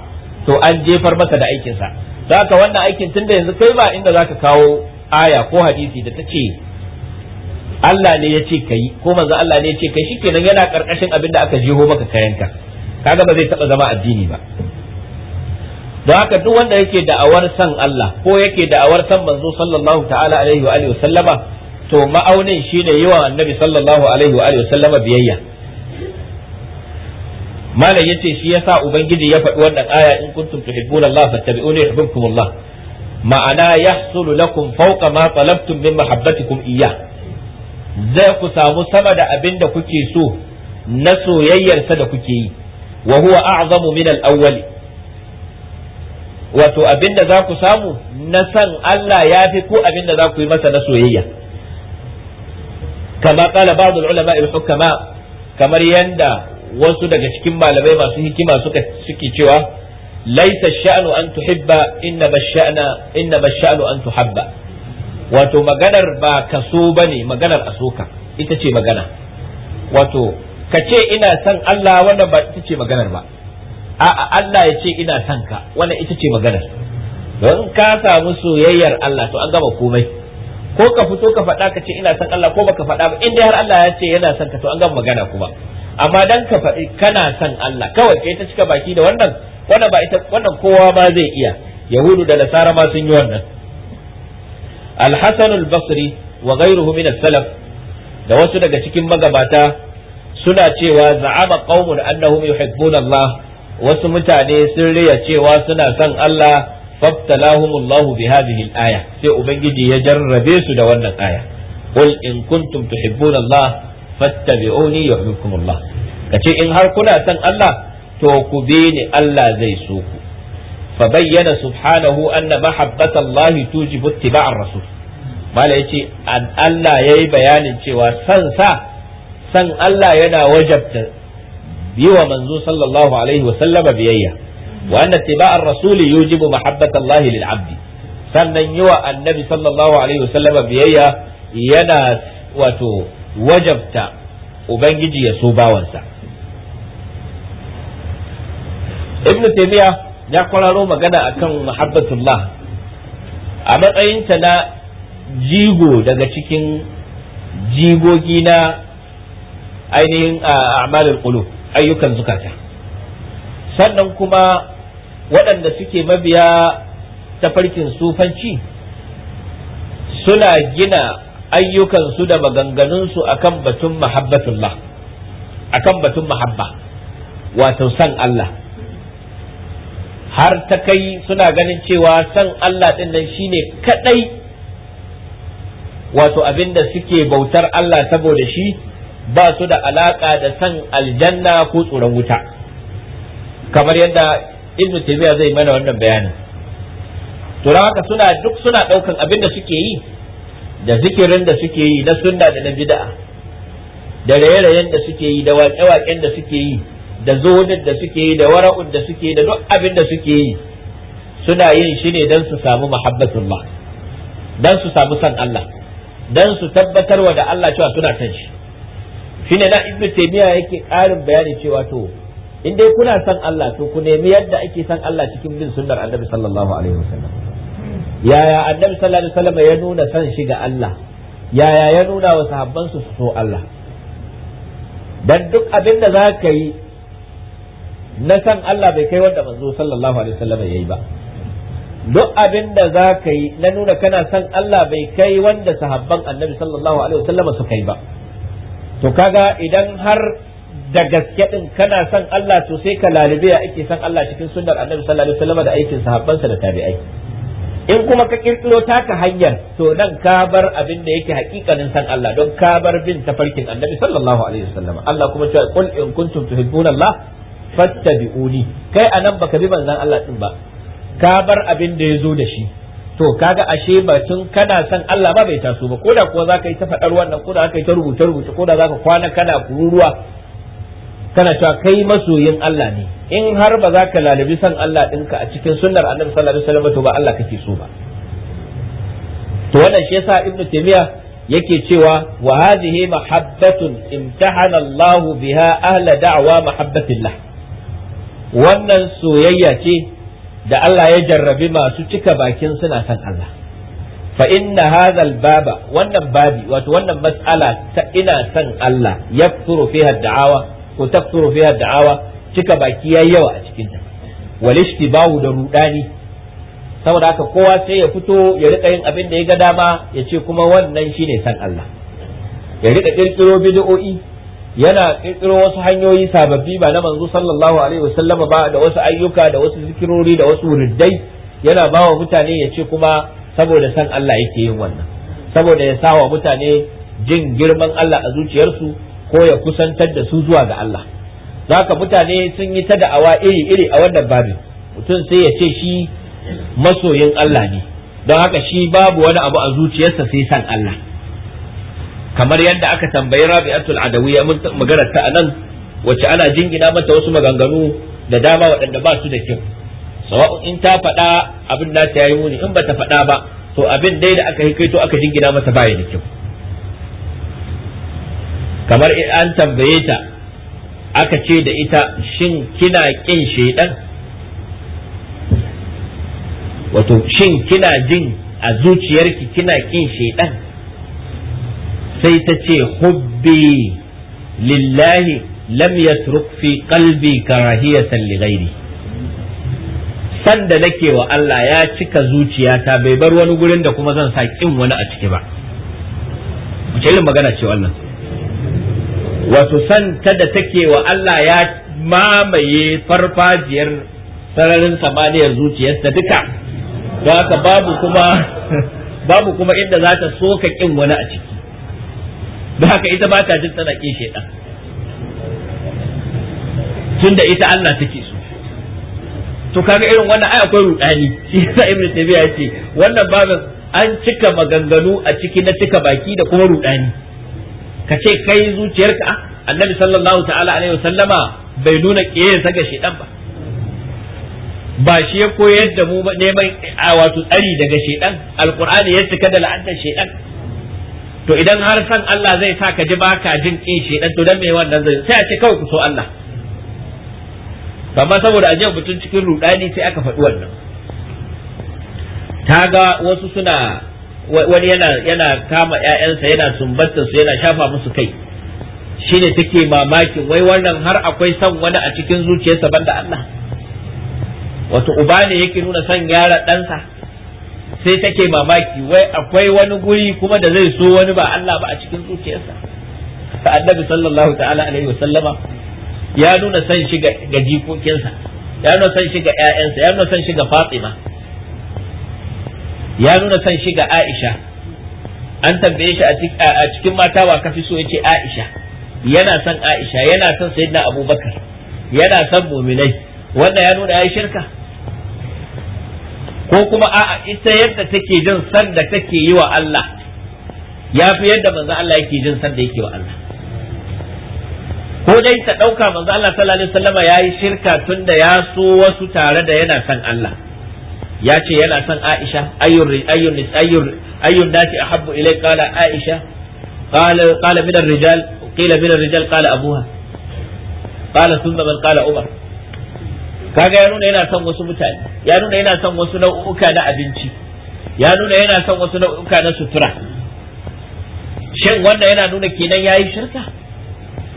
to an jefar masa da aikinsa Zaka wannan aikin tun da yanzu kai ba inda zaka kawo aya ko hadisi da ta ce Allah ne ya ce kai ko manzo Allah ne ya ce kai shikenan yana karkashin abin da aka jiho maka kayanka kaga ba zai taba zama addini ba don haka duk wanda yake da'awar san Allah ko yake da'awar san manzo sallallahu ta'ala alaihi wa alihi sallama to ma'aunin shine yawan annabi sallallahu alaihi wa alihi sallama biyayya malam yace shi yasa ubangiji ya faɗi wannan aya in kuntum tuhibbuna Allah fattabi'uni yuhibbukum ma'ana yahsulu lakum fawqa ma talabtum min mahabbatikum iyyah zai ku samu sama da abin da kuke so na soyayyarsa da kuke yi wa huwa a'zamu min al-awwal wato abin da za ku samu na san Allah ya fi ko abin da za ku yi masa na soyayya kama qala ba'd al-ulama al-hukama kamar yanda wasu daga cikin malamai masu hikima suka suke cewa laisa sha'nu an tuhibba inna bashana inna bashanu an tuhabba wato maganar ba kaso bane maganar asoka ita ce magana wato ka ce ina son Allah wannan ba ita ce maganar ba a'a Allah ya ce ina son ka wannan ita ce maganar don ka samu soyayyar Allah to an gama komai ko ka fito ka faɗa ka ce ina son Allah ko baka faɗa ba in dai har Allah ya ce yana son ka to an gama magana kuma amma dan ka faɗi kana son Allah kawai kai ta cika baki da wannan wannan ba ita wannan kowa ba zai iya yahudu da nasara ma sun yi wannan al-hasan al-basri wa ghayruhu min as-salaf da wasu daga cikin magabata suna cewa za'ama qaumun annahum yuhibbun Allah wasu mutane sun riya cewa suna son Allah fabtalahumullahu bi hadhihi al-aya sai ubangiji ya jarrabe su da wannan aya qul in kuntum fattabi'uni yuhibbukum kace in har kuna san Allah to ku bi ni Allah zai so ku fa bayyana subhanahu anna mahabbata Allah tujibu ittiba'ar rasul mala yace Allah yayi bayanin cewa san sa san Allah yana wajabta yi wa manzo sallallahu alaihi wa sallama biyayya wa anna ittiba'ar rasul yujibu mahabbata Allah lil 'abdi sannan yiwa annabi sallallahu alaihi wa sallama biyayya yana wato wajabta ubangiji ya so bawansa ibn taymiya ya kwararo magana akan Muhabbatullah a matsayinta na jigo daga cikin jigogi na ainihin a'malul qulub ayyukan zukata sannan kuma waɗanda suke mabiya tafarkin sufanci suna gina ayyukansu da maganganunsu akan batun mahabbatullah akan batun mahabba wato san Allah har ta kai suna ganin cewa san Allah din nan shine kadai wato abinda suke bautar Allah saboda shi ba su da alaka da san aljanna ko tsoron wuta kamar yadda ibn taymiya zai mana wannan bayanin to haka suna duk suna daukan abinda suke yi da zikirin da suke yi na sunna da na bid'a da raye-rayen da suke yi da waƙe-waƙen da suke yi da zuhudin da suke yi da wara'un da suke yi da duk abin da suke yi suna yin shi ne don su samu muhabbatullah don su samu san Allah don su tabbatar wa da Allah cewa suna san shi shine na ibnu taymiya yake ƙarin bayani cewa to in dai kuna san Allah to ku nemi yadda ake san Allah cikin bin sunnar annabi sallallahu alaihi wasallam yaya annabi sallallahu alaihi wasallam ya nuna san shi ga Allah yaya ya nuna wa sahabban su so Allah dan duk abin da za ka yi na san Allah bai kai wanda manzo sallallahu alaihi wasallam yayi ba duk abin da za ka yi na nuna kana san Allah bai kai wanda sahabban annabi sallallahu alaihi wasallam suka yi ba to kaga idan har da gaske din kana san Allah to sai ka lalibe ake san Allah cikin sunnar annabi sallallahu alaihi wasallam da aikin sa da tabi'ai in kuma ka kirkiro taka hanyar to nan ka bar abin da yake hakikanin san Allah don ka bar bin tafarkin annabi sallallahu alaihi wasallam Allah kuma cewa qul in kuntum tuhibbuna Allah fattabi'uni kai anan baka bi manzon Allah din ba ka bar abin da yazo da shi to kaga ashe ba tun kana san Allah ba bai taso ba koda kuwa zaka yi ta fadar wannan koda zaka yi ta rubuta rubuta koda zaka kwana kana kururuwa tana cewa kai masoyin Allah ne in har ba za ka lalabi san Allah ɗinka a cikin sunnar annabi sallallahu alaihi wasallam to ba Allah kake so ba to wannan shi yasa ibnu taymiya yake cewa wa hadhihi mahabbatun imtahana Allah biha ahla da'wa mahabbatillah wannan soyayya ce da Allah ya jarrabi masu cika bakin suna san Allah fa inna hadha baba wannan babi wato wannan mas'ala ta ina san Allah ya fiha da'awa ko taksuru fiya da'awa cika baki yayi yawa a cikin ta walishti ishtibahu da rudani saboda haka kowa sai ya fito ya rika yin abin da ya ga dama ya ce kuma wannan shine san Allah ya rika kirkiro bid'o'i yana kirkiro wasu hanyoyi sababbi ba na manzo sallallahu alaihi wasallama ba da wasu ayyuka da wasu zikirori da wasu wuriddai yana ba wa mutane ya ce kuma saboda san Allah yake yin wannan saboda ya sa wa mutane jin girman Allah a zuciyarsu ko ya kusantar da su zuwa ga Allah zaka mutane sun yi ta da'awa iri-iri a wannan babin mutum sai ya ce shi masoyin Allah ne don haka shi babu wani abu a zuciyarsa sai san Allah kamar yadda aka tambayi rabi'atul adawiyya mun magana ta anan wacce ana jingina mata wasu maganganu da dama waɗanda ba su da kyau sawa'u in ta faɗa abin nata yi muni in bata faɗa ba to abin dai da aka yi to aka jingina mata baya da kyau kamar an tambaye ta aka ce da ita shin kina kin shaidan wato shin kina jin a zuciyarki kina kin shaidan sai ta ce hubbi lillahi lam yatruk fi qalbi karahiyatan li ghairi san da nake wa Allah ya cika zuciyata bai bar wani gurin da kuma zan sa kin wani a ciki ba ce irin magana ce wannan wato santa da take wa Allah ya mamaye farfajiyar sararin samaniyar zuciyarsa duka Da haka babu kuma babu kuma inda za ta soka kin wani a ciki Da haka ita ba ta jin tana kin shaidan tunda ita Allah take so to kaga irin wannan ai akwai rudani shi yasa ibn tabiya yace wannan babin an cika maganganu a ciki na cika baki da kuma rudani ka ce kai zuciyarka annabi sallallahu ta'ala alaihi wasallama bai nuna ƙiyayarsa ga shedan ba ba shi ya koyar da mu neman wato tsari daga shedan alqur'ani ya cika da la'antar shedan to idan har san Allah zai sa ka ji baka jin kin shedan to dan me wannan zai sai a ce kawai ku so Allah amma saboda ajiyar mutum cikin rudani sai aka faɗi wannan ta ga wasu suna wani yana yana kama ƴaƴansa yana sumbatta su yana shafa musu kai shine take mamakin wai wannan har akwai son wani a cikin zuciyarsa banda Allah wato uba ne yake nuna son yara ɗansa sai take mamaki wai akwai wani guri kuma da zai so wani ba Allah ba a cikin zuciyarsa ta annabi sallallahu ta'ala alaihi wa sallama ya nuna son shi ga jikokinsa ya nuna son shi ga ƴaƴansa ya nuna son shi ga Fatima ya nuna son shi ga Aisha an tambaye shi a cikin mata wa kafi so yace Aisha yana son Aisha yana son Sayyidina Abubakar yana son muminai wanda ya nuna yayi shirka ko kuma a'a ita yadda take jin san da take yi wa Allah ya fi yadda manzo Allah yake jin san da yake wa Allah ko dai ta dauka manzo Allah sallallahu alaihi wasallama yayi shirka tunda ya so wasu tare da yana son Allah ya ce yana son Aisha ayyun ayyun a habbu nasi ahabbu ilai qala Aisha qala qala rijal qila min rijal qala abuha qala thumma man qala Umar kaga ya nuna yana son wasu mutane ya nuna yana son wasu nau'uka na abinci ya nuna yana son wasu nau'uka na sutura shin wanda yana nuna kenan yayi shirka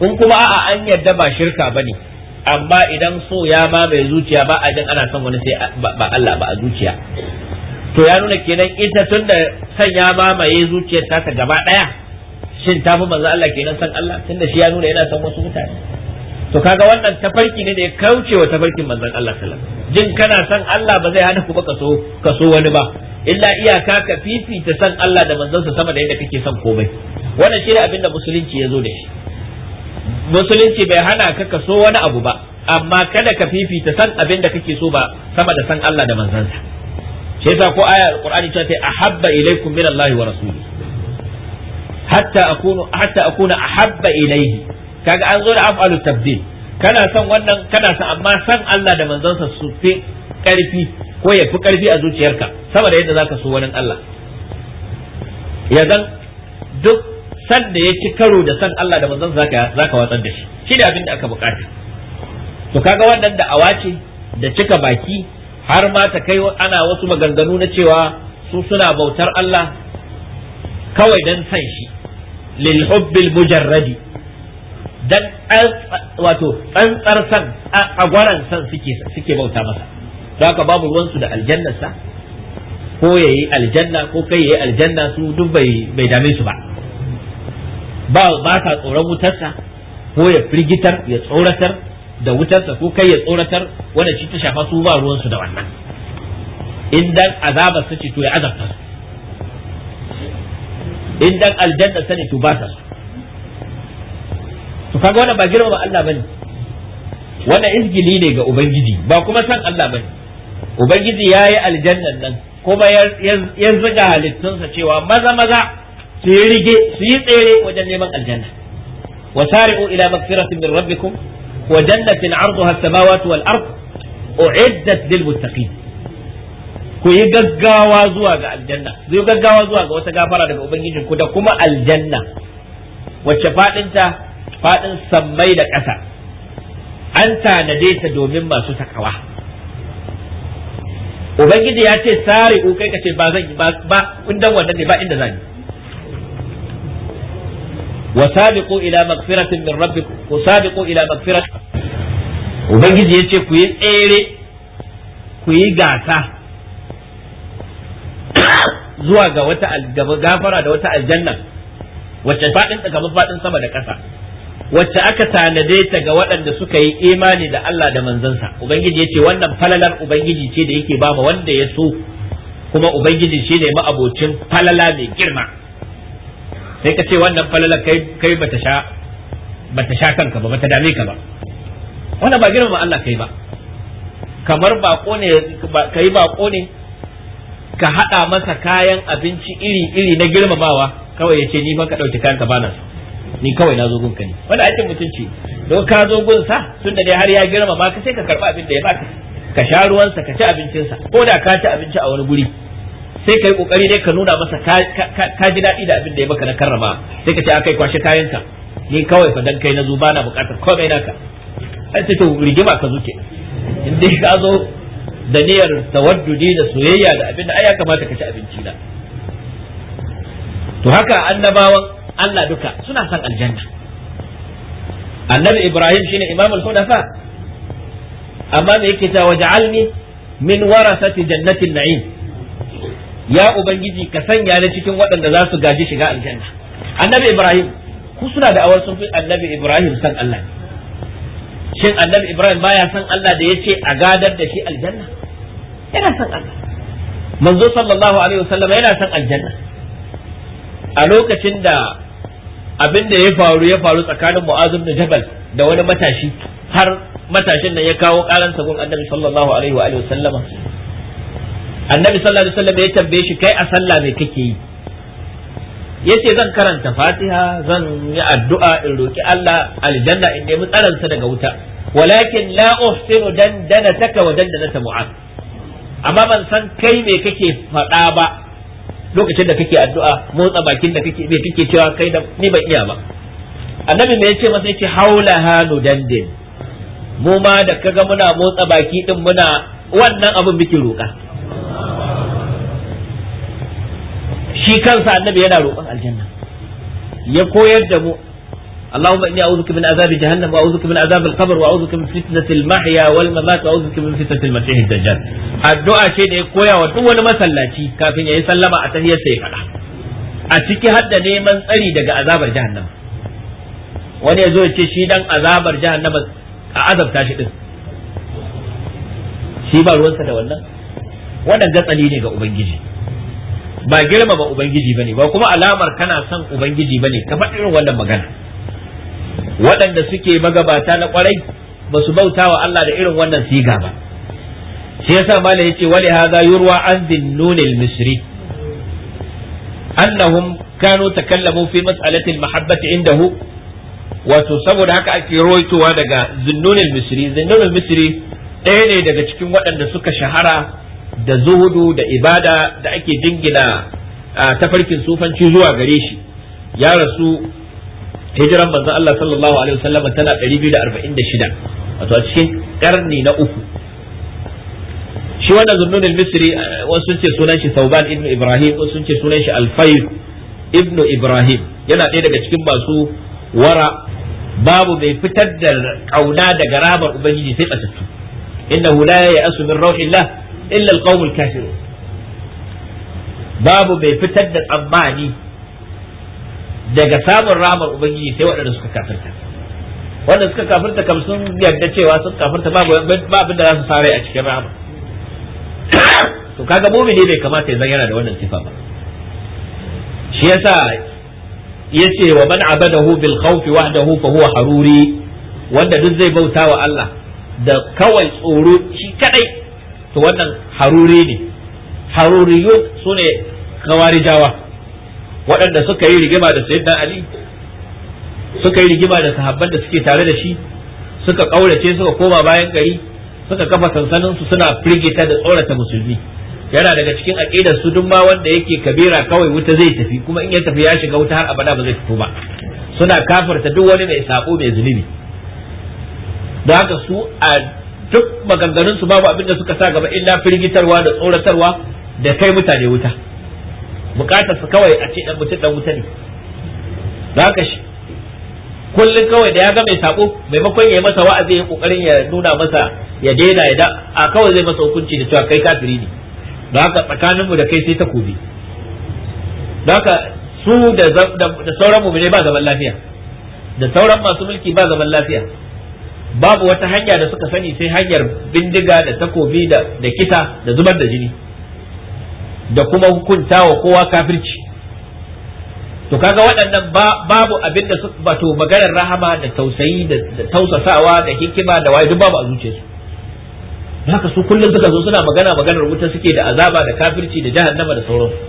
in kuma a'a an yadda ba shirka bane amma idan so ya ma mai zuciya ba a jin ana son wani sai ba Allah ba a zuciya to ya nuna kenan ita tun da san ya mamaye zuciyar ta ta gaba daya shin ta fi manzo Allah kenan san Allah tun da shi ya nuna yana son wasu mutane to kaga wannan tafarki ne da ya kauce wa tafarkin manzon Allah sallallahu alaihi jin kana san Allah ba zai hana ku ba kaso kaso wani ba illa iyaka ka fifita san Allah da manzon sa sama da yadda kake son komai wannan shi ne abinda musulunci ya zo da shi musulunci bai hana ka ka so wani abu ba amma kada ka fifita san abin da kake so ba sama da san Allah da manzansa shi yasa ko aya alqur'ani ta ce ahabba ilaykum min Allah wa rasuli hatta akunu hatta akuna ahabba ilayhi kaga an zo da af'alu tabdil kana son wannan kana san amma san Allah da manzansa su fi karfi ko ya fi karfi a zuciyarka saboda yadda zaka so wani Allah ya duk san da ya ci karo da san Allah da manzon zaka zaka watsar da shi shi da abin da aka bukata to kaga wannan da awace da cika baki har ma ta kai ana wasu maganganu na cewa su suna bautar Allah kawai dan san shi lil hubbil mujarradi dan wato tsantsar san a gwaran san suke suke bauta masa don haka babu ruwansu da aljannarsa ko yayi aljanna ko kai yayi aljanna su duk bai dame su ba ba ba ta tsoron wutarsa ko ya firgitar ya tsoratar da wutarsa ko kai ya tsoratar wanda shi ta shafa su ba ruwansu da wannan in dan azabar su ce to ya azabta su in dan aljanna sani to ba ta su to kaga wannan ba girma ba Allah bane wannan izgili ne ga ubangiji ba kuma san Allah bane ubangiji yayi aljanna nan kuma ya zuga halittunsa cewa maza maza su yi rige su yi tsere wajen neman aljanna wa sari'u ila magfiratin min rabbikum wa jannatin arduha as-samawati wal ard u'iddat lil muttaqin ku yi gaggawa zuwa ga aljanna ku yi gaggawa zuwa ga wata gafara daga ubangijin ku da kuma aljanna wacce fadinta fadin sammai da ƙasa an tanade ta domin masu takawa ubangiji ya ce sare kai kace ba zan ba in wannan ne ba inda zan وسابقوا إلى مغفرة من ربكم وسابقوا إلى مغفرة ubangiji ya ku yi tsere ku yi gasa zuwa ga wata gafara da wata aljanna wacce faɗin faɗin sama da ƙasa wacce aka tanade ta ga waɗanda suka yi imani da Allah da manzansa ubangiji yace wannan falalar ubangiji ce da yake ba wanda ya so kuma ubangiji shi ne ma'abocin falala mai girma sai ka ce wannan falala kai kai bata sha bata sha kanka ba bata dame ka ba wannan ba girmama Allah kai ba kamar bako ne kai bako ne ka hada masa kayan abinci iri iri na girmamawa kawai yace ni fa ka dauki kayan ka bana ni kawai na zo gun ka ne wanda aikin mutunci don ka zo gun sa tun da dai har ya girmama ka sai ka karba abin da ya baka ka sha ruwansa ka ci abincinsa ko da ka ci abinci a wani guri sai kai kokari ne ka nuna masa ka ji daɗi da abin da ya maka na karrama sai ka ce akai kwashe kayanka ni kawai fa dan kai na zuba bana bukatar komai naka ai sai to rigima ka zuke in dai ka zo da niyyar tawaddudi da soyayya da abin da ai ya kamata ka ci abinci na to haka annabawan Allah duka suna son aljanna annabi Ibrahim shine imamul hudafa amma me yake ta waj'alni min warasati jannatin na'im ya ubangiji ka sanya ni cikin waɗanda za su gaji shiga aljanna annabi ibrahim ku suna da awar sun fi annabi ibrahim san allah shin annabi ibrahim baya san allah da yace a gadar da shi aljanna yana san allah manzo sallallahu alaihi wasallam yana san aljanna a lokacin da abin da ya faru ya faru tsakanin mu'az da jabal da wani matashi har matashin nan ya kawo karanta gun annabi sallallahu alaihi wa sallama annabi sallallahu alaihi wasallam ya tambaye shi kai a sallah me kake yi yace zan karanta fatiha zan yi addu'a in roki Allah aljanna in nemi tsaransa daga wuta walakin la uhsinu dandanataka wa dandanata mu'ad amma ban san kai me kake faɗa ba lokacin da kake addu'a motsa bakin da kake me kake cewa kai da ni ban iya ba annabi me yace masa yace haula hanu dandin mu ma da kaga muna motsa baki din muna wannan abin muke roka shi kansa annabi yana roƙon aljanna ya koyar da mu اللهم اني اعوذ بك من عذاب جهنم واعوذ بك من عذاب القبر واعوذ بك من فتنه المحيا والممات واعوذ بك من فتنه المسيح الدجال الدعاء شيء da ya koya wa duk wani masallaci kafin ya yi sallama a tahiyar sai kada a ciki hadda neman tsari daga azabar jahannama wani ya zo ce shi dan azabar jahannama a azabta shi din shi ba ruwansa da wannan wannan gatsali ne ga ubangiji ba girmama ubangiji bane ba kuma alamar kana son ubangiji bane ka faɗi irin wannan magana waɗanda suke magabata na kwarai ba su bauta wa Allah da irin wannan siga ba shi yasa malam yace wali hadha yurwa an dhinnun al-misri annahum kanu takallamu fi mas'alati al-mahabbati indahu wato saboda haka ake rawaitowa daga zinnunin Misiri, misri Misiri misri ɗaya ne daga cikin waɗanda suka shahara da zuhudu da ibada da ake dingina a tafarkin sufanci zuwa gare shi ya rasu hijiran manzon Allah sallallahu alaihi wasallam tana 246 wato a cikin karni na uku shi wannan zunnun al-misri wasu sun ce sunan shi Sauban ibn Ibrahim wasu sun ce sunan shi Al-Fayl ibn Ibrahim yana ɗaya daga cikin masu wara babu mai fitar da kauna daga rabar ubangiji sai batattu innahu la ya'asu min rauhillah illa alqawm alkafir babu bai fitar da tsammani daga samun ramar ubangiji sai waɗanda suka kafirta wanda suka kafirta kam sun yarda cewa sun kafirta babu babu da za su fara a cikin rama to kaga mumini bai kamata ya zan yana da wannan sifa ba shi yasa yace wa man abadahu bil khawf wahdahu fa huwa haruri wanda duk zai bauta wa Allah da kawai tsoro shi kadai to wannan haruri ne sune su ne kawarijawa waɗanda suka yi rigima da sayyidina ali suka yi rigima da sahabban da suke tare da shi suka ƙaurace suka koma bayan gari suka kafa sansanin su suna firgita da tsorata musulmi yana daga cikin aqidar su duk ma wanda yake kabira kawai wuta zai tafi kuma in ya tafi ya shiga wuta har abada ba zai fito ba suna kafarta duk wani mai sako mai zunubi don haka su a duk maganganun su babu abin da suka sa gaba illa firgitarwa da tsoratarwa da kai mutane wuta bukatar su kawai a ce dan mutum dan wuta ne haka shi kullun kawai da ya ga mai sako maimakon ya yi masa wa'azi ya kokarin ya nuna masa ya daina ya da a kawai zai masa hukunci da cewa kai kafiri ne don haka tsakanin mu da kai sai takobi don su da sauran mu ba zaman lafiya da sauran masu mulki ba zaman lafiya babu wata hanya da suka sani sai hanyar bindiga da takobi da da kita da zubar da jini da kuma hukunta wa kowa kafirci to kaga waɗannan babu abin da wato maganar rahama da tausayi da tausasawa da hikima da waye duk babu a zuciyarsu haka su kullum suka zo suna magana maganar wuta suke da azaba da kafirci da jahannama da sauransu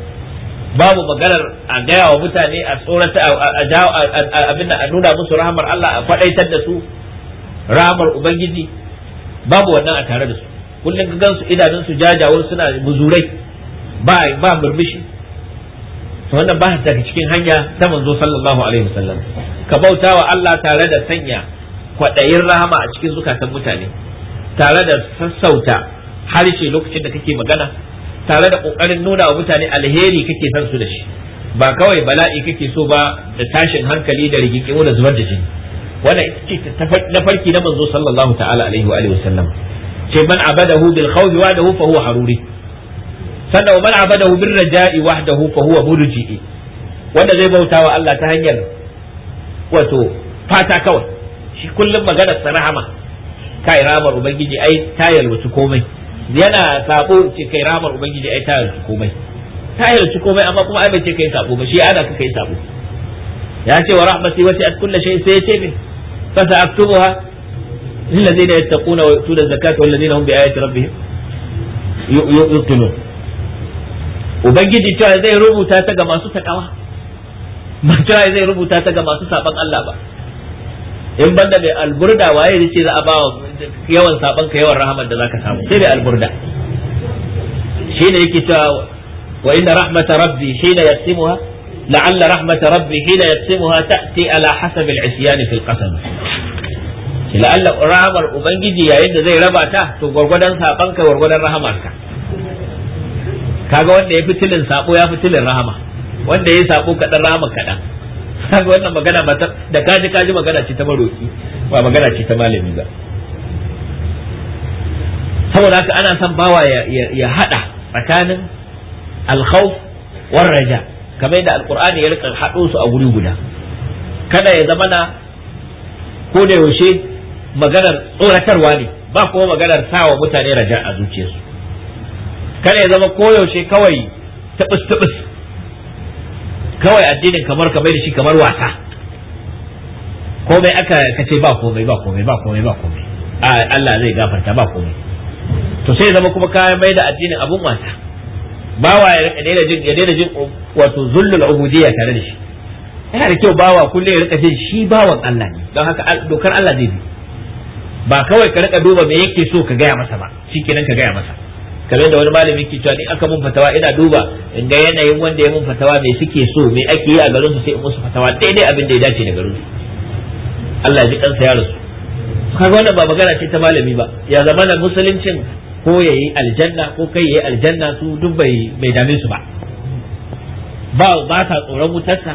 babu maganar a gaya wa mutane a tsorata a abin a nuna musu rahamar Allah a faɗaitar da su ramar ubangiji babu wannan a tare da su kullum ka gansu idanun su jajawar suna buzurai ba ba murmushi to wannan ba daga cikin hanya ta manzo sallallahu alaihi wasallam ka bauta wa Allah tare da sanya kwaɗayin rahama a cikin zukatan mutane tare da sassauta harshe lokacin da kake magana tare da ƙoƙarin nuna wa mutane alheri kake son su da shi ba kawai bala'i kake so ba da tashin hankali da rigingimu da zubar da jini wannan ita ce na farki na manzo sallallahu ta'ala alaihi wa alihi wasallam ce man abadahu bil khawfi wahdahu fa huwa haruri sannan man abadahu bir raja'i wahdahu fa huwa murji'i wanda zai bauta wa Allah ta hanyar wato fata kawai shi kullum maganar sa rahama kai ramar ubangiji ai tayar yalwaci komai yana sabo ce kai ramar ubangiji ai tayar yalwaci komai tayar yalwaci komai amma kuma ai bai ce kai sabo ba shi ana ka kai sabo ya ce wa rahmati wasi at kulli shay sai ya ce min فسأكتبها للذين يتقون ويؤتون الزكاة والذين هم بآيات ربهم يؤمنون ubangiji cewa zai ربو تاتقى ما masu takawa ba cewa zai rubuta ta ga masu saban Allah ba in banda mai alburda waye ne ce za a ba yawan sabon ka yawan rahamar da zaka samu sai mai alburda shine yake cewa wa inna rahmata rabbi shine yaqsimuha لعل رحمة ربي حين يقسمها تأتي على حسب العصيان في القسم لعل رحمة أبنجي يا إن زي ربعته تقرقدا ساقنك ورقدا رحمك kaga wanda ya fitilin sako ya fitilin rahama wanda ya sako kadan rahama kadan kaga wannan magana ba da kaji kaji magana ce ta maroki ba magana ce ta malami ba saboda haka ana son bawa ya hada tsakanin alkhawf war kamar yadda alkur'ani ya rika haɗo su a guri guda kada ya zama na ko da yaushe maganar tsoratarwa ne ba kuma maganar sawa mutane raja a zuciyarsu kada ya zama ko yaushe kawai tabis tabis kawai addinin kamar ka da shi kamar wasa komai aka kace ba komai ba komai ba komai ba komai Allah zai gafarta ba komai to sai zama kuma kayan mai da addinin abun wasa bawa ya daina jin ya daina jin wato zullul ubudiyya tare da shi yana da kyau bawa kullum ya rika jin shi bawan Allah ne don haka dokar Allah zai bi ba kawai ka rika duba me yake so ka gaya masa ba shikenan ka gaya masa kamar da wani malami ke cewa ni aka mun fatawa ina duba in ga yanayin wanda ya mun fatawa me suke so me ake yi a garin su sai in musu fatawa daidai abin da ya dace da garin su Allah ji kansa ya rasu kaga wannan ba magana ce ta malami ba ya zama da musuluncin ko ya yi aljanna ko kai ya yi aljanna su duk bai dame su ba ba ba ta tsoron wutarsa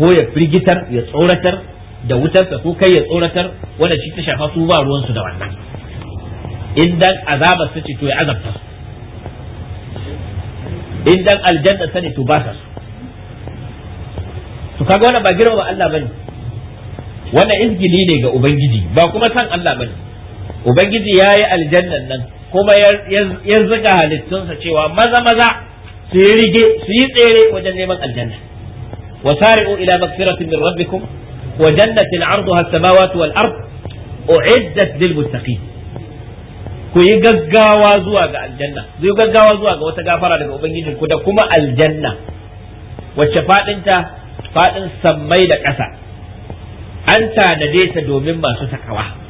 ko ya firgitar ya tsoratar da wutarsa ko kai ya tsoratar wanda shi ta shafa su ba ruwansu da wannan in dan azabar su ce to ya azabta su in dan aljanna sani to ba sa su to kaga wannan ba girma ba Allah bane wannan izgili ne ga ubangiji ba kuma san Allah bane ubangiji yayi aljannan nan kuma ya zuga halittunsa cewa maza maza su yi rige su yi tsere wajen neman aljanna wa sari'u ila magfiratin min rabbikum wa jannatin arduha as-samawati wal ard u'iddat lil muttaqin ku yi gaggawa zuwa ga aljanna ku yi gaggawa zuwa ga wata gafara daga ubangijin ku da kuma aljanna wacce fadinta fadin sammai da ƙasa an tanade ta domin masu takawa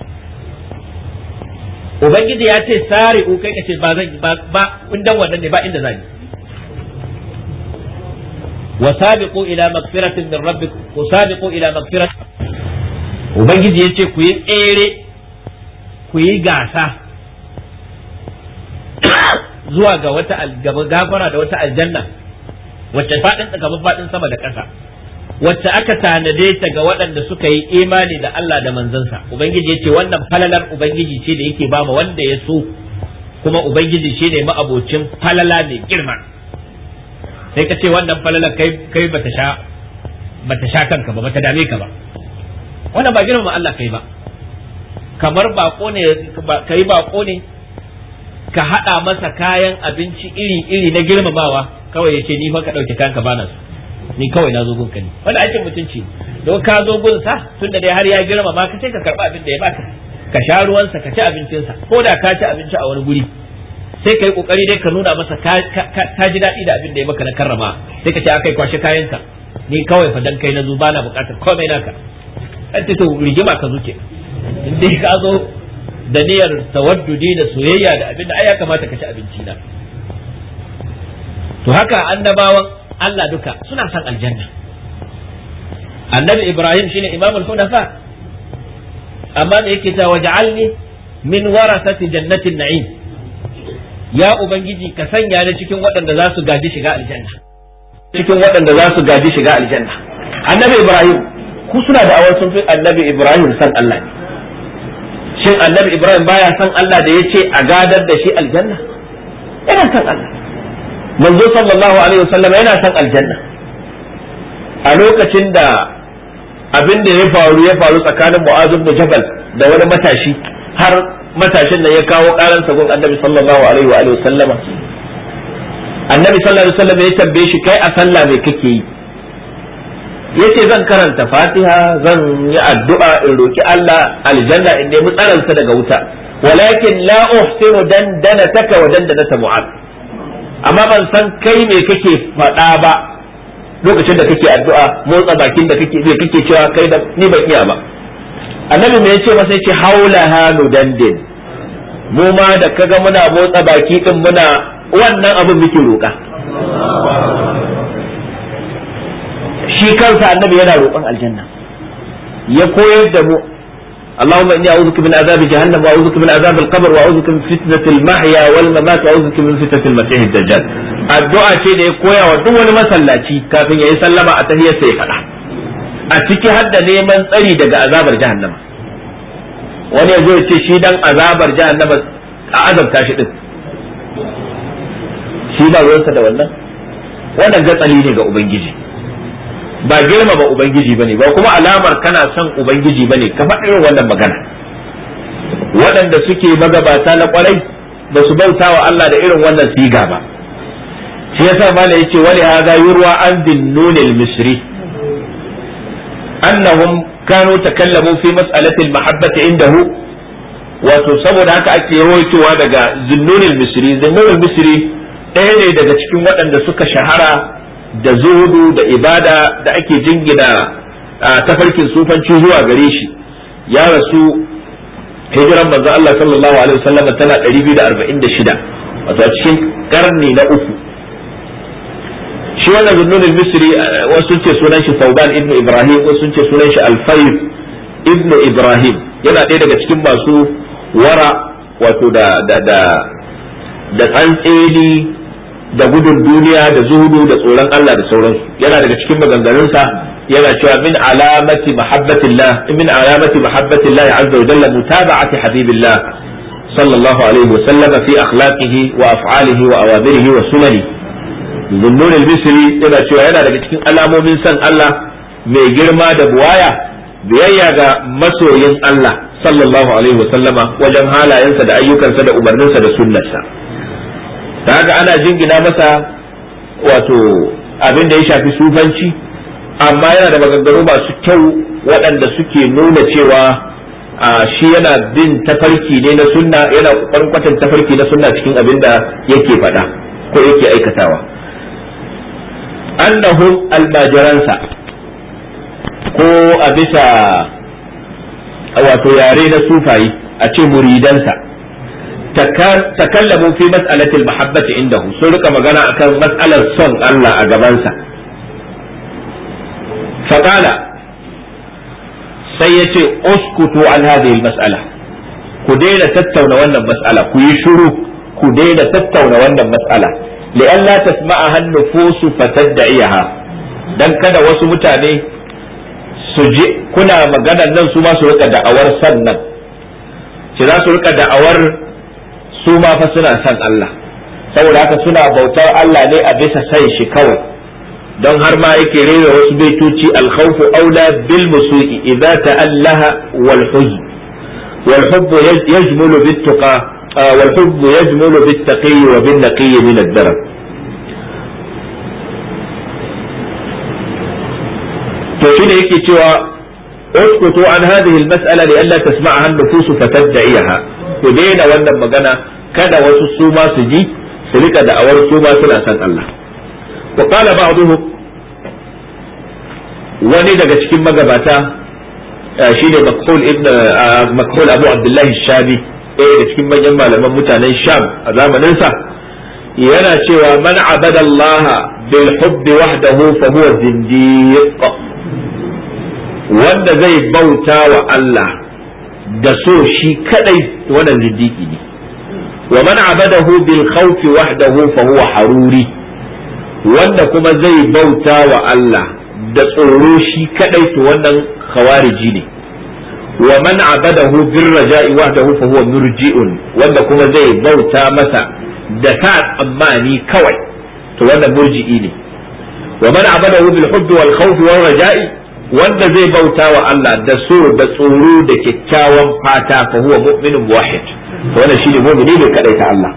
ubangiji ya ce sare u kai kace ba zan ba ba indan wannan ne ba inda zani wasabiqu ila magfiratin min rabbikum wasabiqu ila magfirat ubangiji yace ku yi tsere ku yi gasa zuwa ga wata gafara da wata aljanna wacce fadin tsaka babbadin sama da ƙasa wacce aka tanade ta ga waɗanda suka yi imani da Allah da manzansa ubangiji yace wannan falalar ubangiji ce da yake bama wanda ya so kuma ubangiji shi ne ma'abocin falala mai girma sai ka ce wannan falala kai kai bata sha bata sha kanka ba bata dame ka ba wannan ba girma Allah kai ba kamar bako ne kai bako ne ka hada masa kayan abinci iri iri na girmamawa kawai yace ni fa ka dauke kanka bana su ni kawai na zo gunka ne wanda aikin mutunci don ka zo gunsa tunda dai har ya girma ma ka ce ka karba abin da ya baka ka sha ruwansa ka ci abincinsa ko da ka ci abinci a wani guri sai ka yi kokari dai ka nuna masa ka ji daɗi da abin da ya maka na karrama sai ka ce akai kwashe kayanka ni kawai fa dan kai na zo bana bukatar komai naka an ta rigima ka zuke in dai ka zo da niyyar tawaddudi da soyayya da abin da ai ya kamata ka ci abinci na to haka annabawan Allah duka suna son aljanna annabi ibrahim shine imamul hudafa amma me yake ta waj'alni min warasati jannatin na'im ya ubangiji ka sanya ni cikin waɗanda za su gaji shiga aljanna cikin waɗanda za su gaji shiga aljanna annabi ibrahim ku suna da awar sun fi annabi ibrahim san Allah ne shin annabi ibrahim baya san Allah da yace a gadar da shi aljanna Ina san Allah manzo sallallahu alaihi wasallam yana son aljanna a lokacin da abin da ya faru ya faru tsakanin mu'az ibn jabal da wani matashi har matashin nan ya kawo karan sagon annabi sallallahu alaihi wa alihi wasallama annabi sallallahu alaihi wasallam ya tambaye shi kai a sallah me kake yi yace zan karanta fatiha zan yi addu'a in roki Allah aljanna in nemi tsaransa daga wuta walakin la uhsinu dandanataka wa ta mu'az amma ban san kai me kake faɗa ba lokacin da kake addu'a motsa bakin da kake zai kake cewa kai da ni ban iya ba annabi me yace masa yace haula halu dandin mu ma da kaga muna motsa baki din muna wannan abin muke roƙa shi kansa annabi yana roƙon aljanna ya koyar da mu اللهم إني أعوذ بك من عذاب جهنم وأعوذ بك من عذاب القبر وأعوذ بك من فتنة المحيا والممات وأعوذ بك من فتنة المسيح الدجال الدعاء شيء da ya koya wa duk wani masallaci kafin ya yi sallama a tahiyar sai faɗa a ciki har da neman tsari daga azabar jahannama wani yazo ya ce shi dan azabar jahannama a azabta shi din shi ba ruwansa da wannan wannan gatsali ne ga ubangiji ba girmama ubangiji bane ba kuma alamar kana son ubangiji bane ka faɗi wannan magana waɗanda suke magabata na kwarai ba su bauta wa Allah da irin wannan siga ba shi yasa mala yace wali hadha yurwa an dinnun al-misri annahum kanu takallamu fi mas'alati al-mahabbati indahu wato saboda haka ake rawaitowa daga zinnun Misiri, misri Misiri misri ɗaya ne daga cikin waɗanda suka shahara da zuhudu da ibada da ake jingina tafarkin sufanci zuwa gare shi ya rasu hijiran manzo Allah sallallahu alaihi wasallam tana 246 wato cikin karni na uku shi wannan zunnun misri wasu ce sunan shi Sauban ibnu Ibrahim wasu ce sunan shi al fayd ibnu Ibrahim yana ɗaya daga cikin masu wara wato da da da da tsantseni da gudun duniya da zuhudu da tsoron Allah da sauransu yana daga cikin maganganunsa yana cewa min alamati mahabbatillah min alamati mahabbatillah azza wa jalla mutaba'ati habibillah sallallahu alaihi wa sallam fi akhlaqihi wa af'alihi wa awamirihi wa sunani zunnun al yana cewa yana daga cikin alamomin san Allah mai girma da buwaya biyayya ga masoyin Allah sallallahu alaihi wa sallama wajen halayensa da ayyukansa da umarninsa da sunnarsa kaga ana jingina masa wato abin da ya shafi sufanci amma yana da maganganu masu kyau waɗanda suke nuna cewa shi yana bin tafarki ne na sunna yana kwankwatan tafarki na sunna cikin abin da yake faɗa ko yake aikatawa annahum almajiransa ko a bisa wato yare na sufayi a ce muridansa takallamu fi mas'alatil mahabbati indahu sun rika magana akan mas'alar son Allah a gabansa faqala sai yace uskutu an hadhihi mas'ala ku daina tattauna wannan mas'ala ku yi shiru ku daina tattauna wannan mas'ala li'an la tasma'a hannufusu iyaha dan kada wasu mutane su ji kuna maganar nan su ma su rika da'awar sannan ce za su rika da'awar su ma fa suna san Allah saboda haka suna bautar Allah ne a bisa sai shi kawai don har ma yake rera wasu baitoci alkhawfu aula bil musu'i idza ta'allaha wal huzn wal hubb yajmulu bit tuqa wal hubb yajmulu bit taqi wa bin naqi min ad-darab to shine yake cewa اسكتوا عن هذه المسألة لئلا تسمعها النفوس فتدعيها ku daina wannan magana kada wasu su ma su ji su rika da'awar su ma suna san Allah wa qala ba'duhu wani daga cikin magabata eh, shine makhul ibn eh, makhul abu abdullahi shabi eh da cikin manyan malaman mutanen sham a zamanin sa yana cewa man abada Allah bil hubbi wahdahu fa huwa zindiq wanda zai bauta wa Allah da so shi kadai wannan zindiki ne wa man abadahu bil khawfi wahdahu fa huwa haruri wanda kuma zai bauta wa Allah da tsoro shi kadai to wannan khawariji ne wa man abadahu bil raja'i wahdahu fa huwa murji'un wanda kuma zai bauta masa da ta tsammani kawai to wannan murji'i ne wa man abadahu bil hubbi wal khawfi wal raja'i wanda zai bauta wa Allah da so da tsoro da kyakkyawan fata fa huwa mu'minun wahid to wannan shine mu'mini ne kadai ta Allah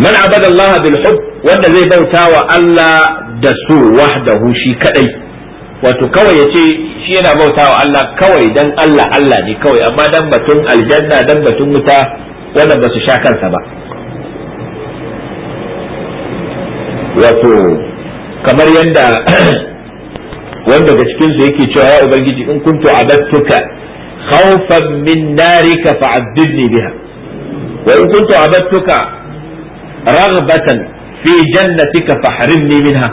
man abada Allah bil hub wanda zai bauta wa Allah da so wahdahu shi kadai wato kawai yace shi yana bauta wa Allah kawai dan Allah Allah ne kawai amma dan batun aljanna dan batun wuta wanda ba su sha kansa ba wato kamar yadda wanda daga cikin su yake cewa ya ubangiji in kuntu abattuka khawfan min narika fa'addibni biha wa in kuntu abattuka raghbatan fi jannatika fahrimni minha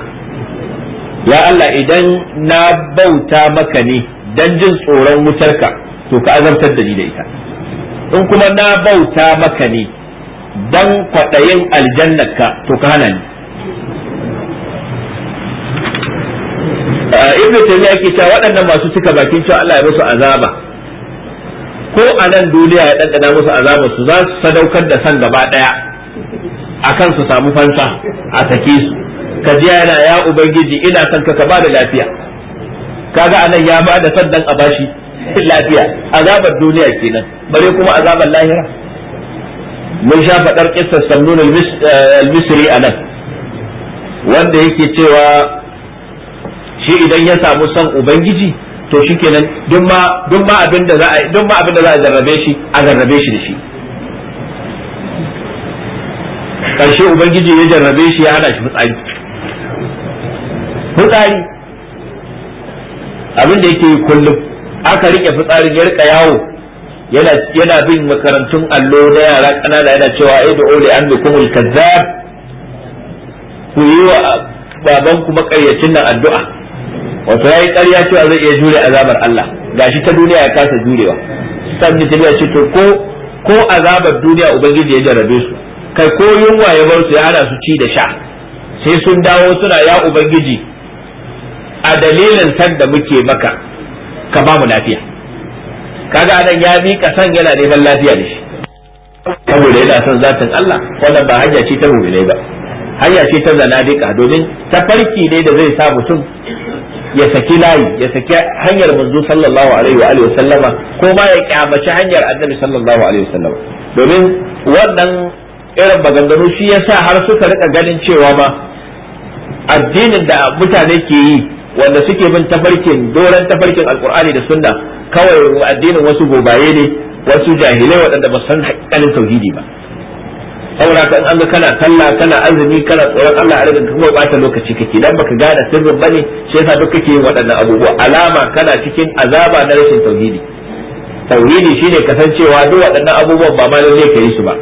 ya Allah idan na bauta maka ne dan jin tsoron wutarka to ka azabtar da ni da ita in kuma na bauta maka ne dan kwaɗayin aljannarka to ka hana ni ibnu taymiya yake cewa waɗannan masu cika bakin cewa Allah ya musu azaba ko a nan duniya ya ɗanɗana musu azaba su za su sadaukar da san gaba daya akan su samu fansa a sake su ka ji yana ya ubangiji ina son ka ka bada lafiya kaga anan ya bada sandan a bashi lafiya azabar duniya kenan bare kuma azabar lahira mun sha fadar kissa samnun eh, al-misri anan wanda yake cewa shi idan ya samu san ubangiji to shikenan duk ma duk ma abin da za a duk ma abin da za a jarrabe shi a jarrabe shi da shi karshe ubangiji ya jarrabe shi ya hana shi fitsari fitsari abin da yake yi kullum aka rike fitsarin ya rika yawo yana yana bin makarantun allo na yara kanana yana cewa ai da ole an bikum al ku yi wa babanku makaryacin nan addu'a wato yayi ƙarya cewa zai iya jure azabar Allah ga shi ta duniya ya kasa jurewa san ne tabiya ce to ko ko azabar duniya ubangiji ya jarrabe su kai ko yunwa ya bar su ya hana su ci da sha sai sun dawo suna ya ubangiji a dalilin san da muke maka ka ba mu lafiya kaga anan ya ka san yana neman lafiya da shi saboda yana son zatin Allah wannan ba hanya ce ta mu'minai ba hanya ce ta zanadika domin ta farki ne da zai sa mutum ya saki layi ya saki hanyar manzo sallallahu alaihi wa alihi sallama ko ma ya kyamaci hanyar annabi sallallahu alaihi sallama domin wannan irin maganganu shi yasa har suka rika ganin cewa ma addinin da mutane ke yi wanda suke bin tafarkin doran tafarkin alkur'ani da sunna kawai addinin wasu gobaye ne wasu jahilai waɗanda ba san hakikanin tauhidi ba saboda ka in an ga kana sallah kana azumi kana tsoron Allah a rigan kuma bata lokaci kake dan baka gane sirrin bane sai yasa duk kake yin waɗannan abubuwa alama kana cikin azaba na rashin tauhidi tauhidi shine kasancewa duk waɗannan abubuwan ba ma zai kai su ba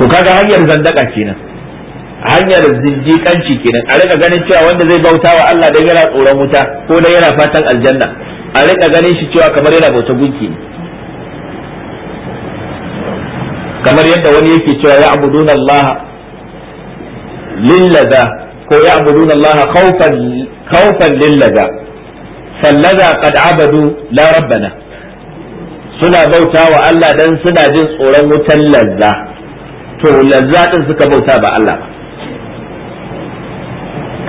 to kaga hanyar zandaka kenan hanyar zinjikanci kenan a rika ganin cewa wanda zai bauta wa Allah dan yana tsoron wuta ko dan yana fatan aljanna a rika ganin shi cewa kamar yana bauta gunki ne kamar yadda wani yake cewa ya abudun Allah lillaza ko ya abudun Allah kaufan lillaza fallaza kad abadu la rabbana suna bauta wa Allah dan suna jin tsoron wutan lazza to lazza din suka bauta ba Allah ba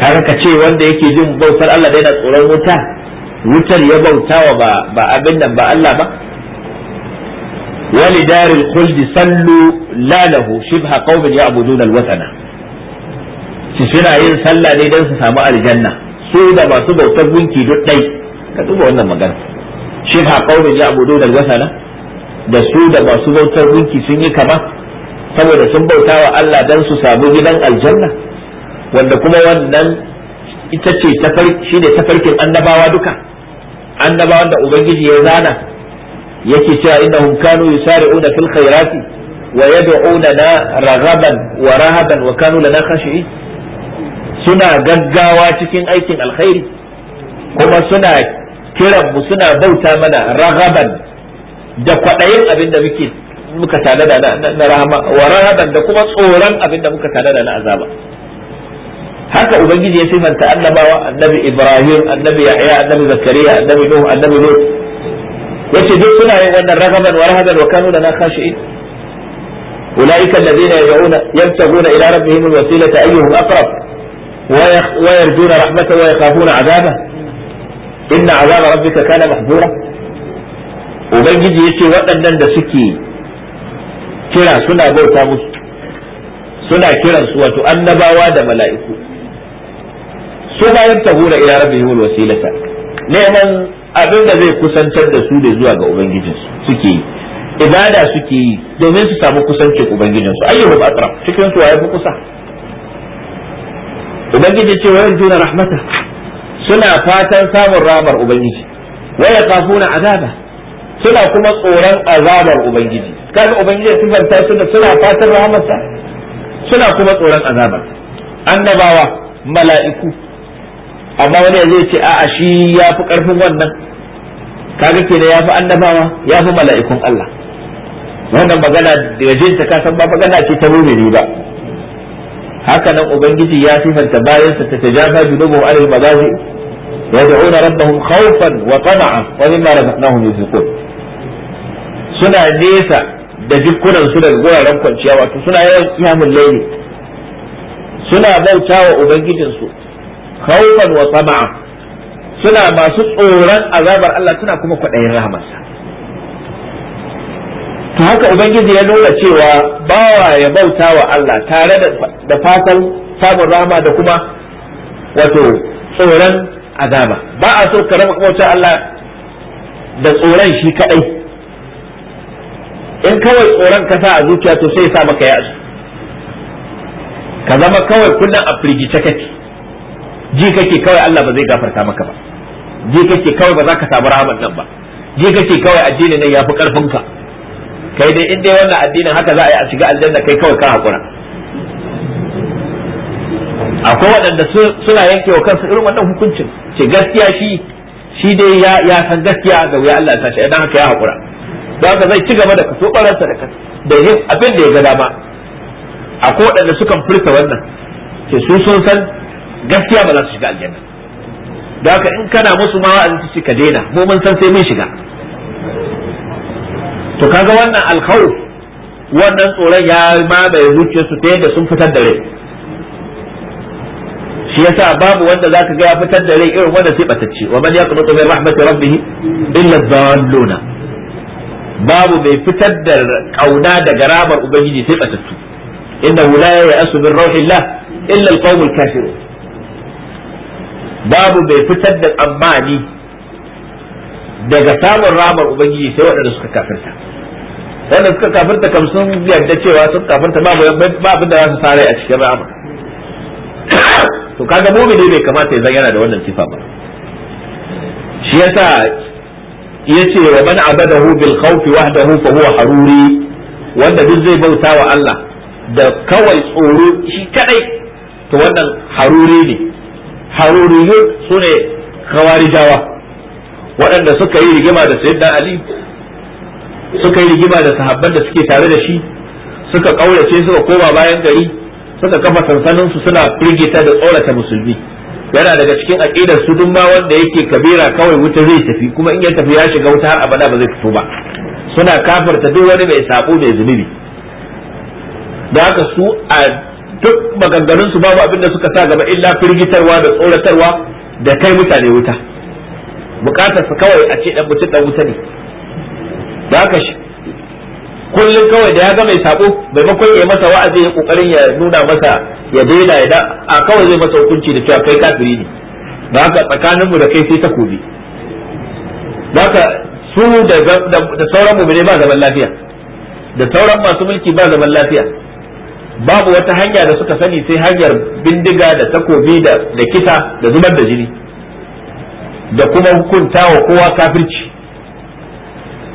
kare ka ce wanda yake jin bautar Allah da yana tsoron wuta wutar ya bauta wa ba abin nan ba Allah ba sallu الخلد صلوا لا له شبه قوم يعبدون الوثن suna yin sallah ne don su samu aljanna su da masu bautar gunki duk dai ka duba wannan magana shibha qaumin ya'budun al-wasana da su da masu bautar gunki sun yi kama saboda sun bauta wa Allah don su samu gidan aljanna wanda kuma wannan ita ce Shi shine tafarkin annabawa duka annabawan da ubangiji ya zana yake cewa innahum kanu yusari'una fil khairati wa yad'unana raghaban wa rahaban wa kanu lana khashi'in suna gaggawa cikin aikin alkhairi kuma suna kiran mu suna bauta mana ragaban da kwaɗayin abin da muke muka tanada na rahama wa rahaban da kuma tsoron abin da muka tanada na azaba haka ubangiji ya sifanta annabawa annabi ibrahim annabi yahya annabi zakariya annabi nuh annabi lut yace duk suna yin wannan ragaban wa rahaban wa kanu lana khashi'in أولئك الذين يدعون يبتغون إلى ربهم الوسيلة أيهم أقرب ويرجون رحمته ويخافون عذابه إن عذاب ربك كان محذورا وبنجي يشي waɗannan da suke kira suna bauta musu suna kiransu wato annabawa da mala'iku su bayan tahura ila rabbihim alwasilata neman abin da zai kusantar da su da zuwa ga ubangijinsu suke yi ibada suke yi domin su samu kusancin ubangijinsu ayyuhum atraf cikin su waye kusa ubangiji ce wa yarjuna rahmata suna fatan samun ramar ubangiji wa kafuna azaba suna kuma tsoron azabar ubangiji kaga ubangiji sun sifanta su da suna fatan rahmarsa suna kuma tsoron azaba annabawa mala'iku amma wani ya zai ce a'a shi ya fi karfin wannan kaga da ya fi annabawa ya fi mala'ikun Allah wannan magana da jinta ka san ba magana ce ta ne ba haka nan ubangiji ya sifanta bayansa ta tajafa junubu alal magazi yad'una rabbahum khawfan wa tama'a wa mimma razaqnahum yunfiqun suna nesa da jikunan su daga guraren kwanciya wato suna yawan iyamul layli suna bautawa ubangijinsu khawfan wa suna masu tsoron azabar Allah suna kuma kwaɗayin rahamarsa ta haka ubangiji ya nuna cewa bawa ya bauta wa Allah tare da fatan samun rahama da kuma wato tsoron azaba ba a so ka raba bautar Allah da tsoron shi kadai in kawai tsoron ka sa a zuciya to sai sa maka ya ka zama kawai kullum a firgice kake ji kake kawai Allah ba zai gafarta maka ba ji kake kawai ba za ka samu rahaman nan ba ji kake kawai addinin nan yafi karfin ka kai dai in dai wannan addinin haka za a yi a shiga aljanna kai kawai ka hakura akwai waɗanda suna yanke wa kansu irin wannan hukuncin ce gaskiya shi shi dai ya san gaskiya ga wuya Allah ta shi dan haka ya hakura don haka zai ci gaba da kaso baransa da da abin da ya ga dama akwai waɗanda sukan furta wannan ke su sun san gaskiya ba za su shiga aljanna da haka in kana musu ma wa'azi su ka daina mu mun san sai mun shiga to kaga wannan alkhawf wannan tsoron ya mamaye zuciyarsu ta yadda sun fitar da rai shi yasa babu wanda zaka ga ya fitar da rai irin wanda sai batacce wa man yaqnutu min rahmati rabbih illa dhalluna babu mai fitar da kauna daga rabar ubangiji sai inda innahu ya ya'asu min rawhillah illa alqawmul kafirun babu bai fitar da tsammani daga samun ramar ubangiji sai waɗanda suka kafirta waɗanda suka kafirta kam sun yarda cewa sun kafirta babu babu da su sare a cikin ramar to kaga mumini bai kamata ya zan yana da wannan sifa ba shi yasa yace wa man abadahu bil khawf wahdahu fa huwa haruri wanda duk zai bauta wa Allah da kawai tsoro shi kadai to wannan haruri ne haruriyun su ne khawarijawa waɗanda suka yi rigima da sayyidina ali suka yi rigima da sahabban da suke tare da shi suka ƙaurace suka koma bayan gari suka kafa sansanin su suna firgita da tsorata musulmi yana daga cikin aqidar su duk ma wanda yake kabira kawai wuta zai tafi kuma in ya tafi ya shiga wuta har abada ba zai fito ba suna kafarta duk wani mai sabo mai zunubi da haka su a duk maganganun su babu abin da suka sa gaba illa firgitarwa da tsoratarwa da kai mutane wuta bukatar su kawai a ce dan mutum dan wuta ne da haka shi kullum kawai da ya ga mai sako maimakon ya masa wa'azi ya kokarin ya nuna masa ya daina ya a kawai zai masa hukunci da cewa kai kafiri ne da haka tsakaninmu da kai sai takobi da haka su da sauran mu ne ba zaman lafiya da sauran masu mulki ba zaman lafiya babu wata hanya da suka sani sai hanyar bindiga da takobi da da kisa da zubar da jini da kuma hukunta wa kowa kafirci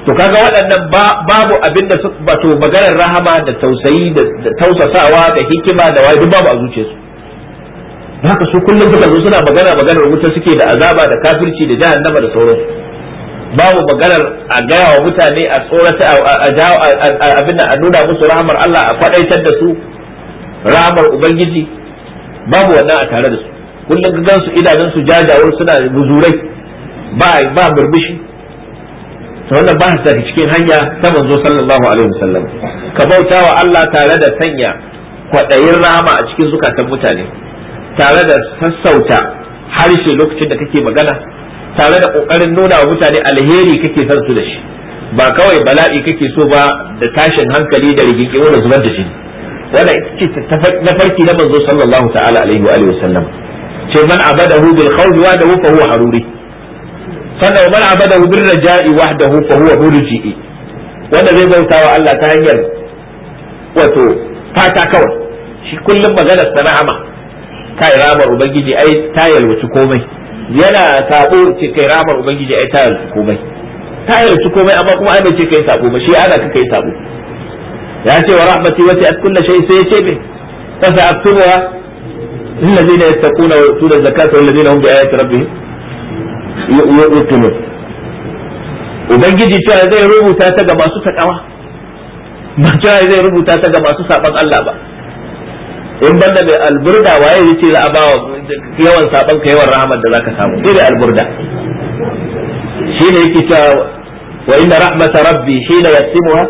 to kaga waɗannan babu abin da wato maganar rahama da tausayi da tausasawa da hikima da wai duk babu a su haka su kullum suka zo suna magana maganar wuta suke da azaba da kafirci da jahannama da sauransu babu maganar a gaya wa mutane a tsorata a abin a nuna musu rahamar Allah a kwadaitar da su rahamar ubangiji babu wannan a tare da su kullum ga gansu idanun su jajawar suna buzurai ba ba burbushi to wannan ba ta cikin hanya ta manzo sallallahu alaihi wasallam ka bauta wa Allah tare da sanya kwadayin rahama a cikin zukatan mutane tare da sassauta harshe lokacin da kake magana tare da kokarin nuna wa mutane alheri kake son su da shi ba kawai bala'i kake so ba da tashin hankali da rigingimu wanda zubar da shi. wannan ita ce na farki na manzo sallallahu ta'ala alaihi wa alihi wasallam ce man abadahu bil khawf wa dahu fa huwa haruri sannan man abadahu bil raja'i wahdahu fa huwa murji'i wanda zai bauta wa Allah ta hanyar wato fata kawai shi kullum maganar sana'ama kai rabar ubangiji ai ta yalwaci komai yana sabo ce kai ramar ubangiji ai tayar su komai tayar su komai amma kuma ai bai ce kai sabo ba shi ana ka kai sabo ya ce wa rahmati wa ta'at kullu shay sai ce me fa sa'tuha alladhina yattaquna wa yu'tuna zakata alladhina hum bi ayati rabbihim yuqinun ubangiji cewa zai rubuta ta ga masu takawa ba cewa zai rubuta ta ga masu sabon Allah ba in banda mai alburda waye yace za a ba wa yawan saban ka yawan rahmar da zaka samu sai da alburda shi ne yake cewa wa inna rahmat rabbi hina yaqsimuha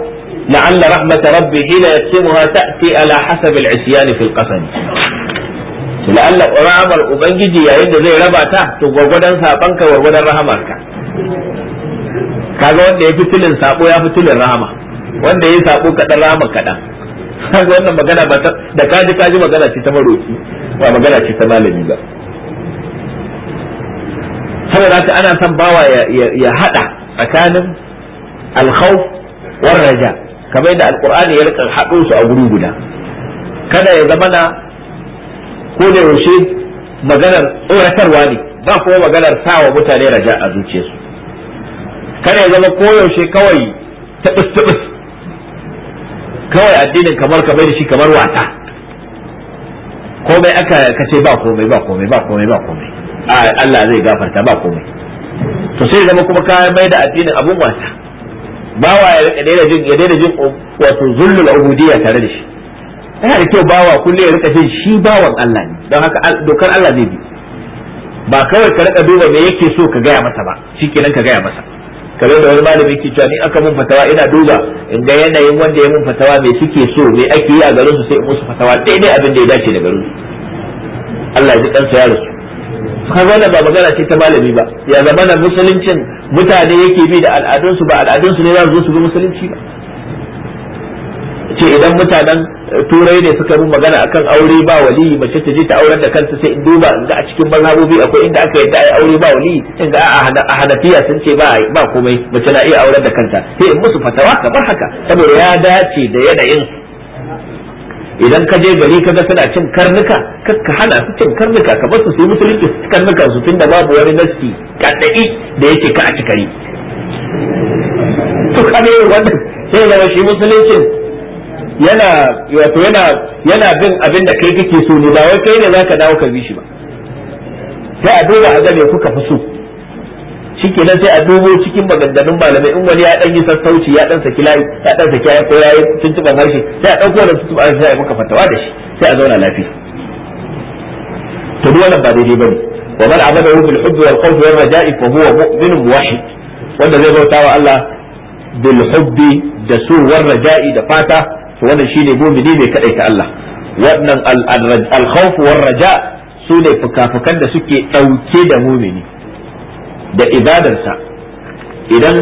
la'alla rahmat rabbi hina yaqsimuha ta'ti ala hasab al-isyan fi al-qasam la'alla rahmar ubangiji yayin da zai raba ta to gwargwadon saban ka gwargwadon rahamar ka kaga wanda ya fitilin sabo ya fitilin rahama wanda ya sabo kadan rahama kadan kaga wannan magana ba da kaji kaji magana ce ta maroki ba magana ce ta malami ba saboda ta ana son bawa ya hada tsakanin alkhawf war raja kamar da alqur'ani ya rika hado su a guri guda kada ya zama na ko da yaushe maganar tsoratarwa ne ba kuma maganar sawa mutane raja a zuciyarsu kada ya zama ko yaushe kawai ta tubus kawai addinin kamar ka da shi kamar wata komai aka kace ba komai ba komai ba komai ba komai Allah zai gafarta ba komai to sai zama kuma ka mai da addinin abun wasa bawa ya rika daina jin ya daina jin um, wato zullul ubudiyya tare da shi yana da kyau bawa kulle ya rika jin shi bawan Allah ne don haka dokar Allah zai bi ba kawai ka rika duba me yake so ka gaya masa ba shikenan ka gaya masa kare da wani malami ke cewa ni aka mun fatawa ina duba in ga yanayin wanda ya mun fatawa mai suke so mai ake yi a garin su sai in musu fatawa daidai abin da ya dace da garin su Allah ya ji kansa ya rasu ka wannan ba magana ce ta malami ba ya zama na musuluncin mutane yake bi da al'adunsu ba al'adunsu ne za su zo su bi musulunci ba ce idan mutanen eh, turai ne suka yi magana akan aure ba wali mace ta je ta aurar da kanta sai in duba in ga a cikin mazhabobi akwai inda aka yadda ai aure ba wali in ga a hanafiya sun ce ba ba komai mace na iya aurar da kanta sai in musu fatawa kamar haka saboda ya dace da yanayin idan ka je gari kaga suna cin karnuka ka hana su cin karnuka ka basu su yi musulunci su karnuka su tunda babu wani nasti kadai da yake ka a cikari to kare wannan sai zama shi musuluncin yana wato yana yana bin abin da kai kake so ne ba wai kai ne zaka dawo ka bi shi ba sai a duba a ya kuka fi so shikenan sai a dubo cikin maganganun malamai in wani ya dan yi sassauci ya dan saki layi ya dan saki ya koya ya tuntuban harshe sai a dauko da tuntuban harshe sai a maka fatawa da shi sai a zauna lafiya to dole wannan ba daidai bane wa man amana bil hubbi wal qawl wal raja'i fa huwa mu'min muwahhid wanda zai bautawa Allah bil hubbi da su wal raja'i da fata to wannan shine mu'mini mai ta Allah wannan al-khawf war raja su ne fukafukan da suke dauke da mu'mini da ibadarsa idan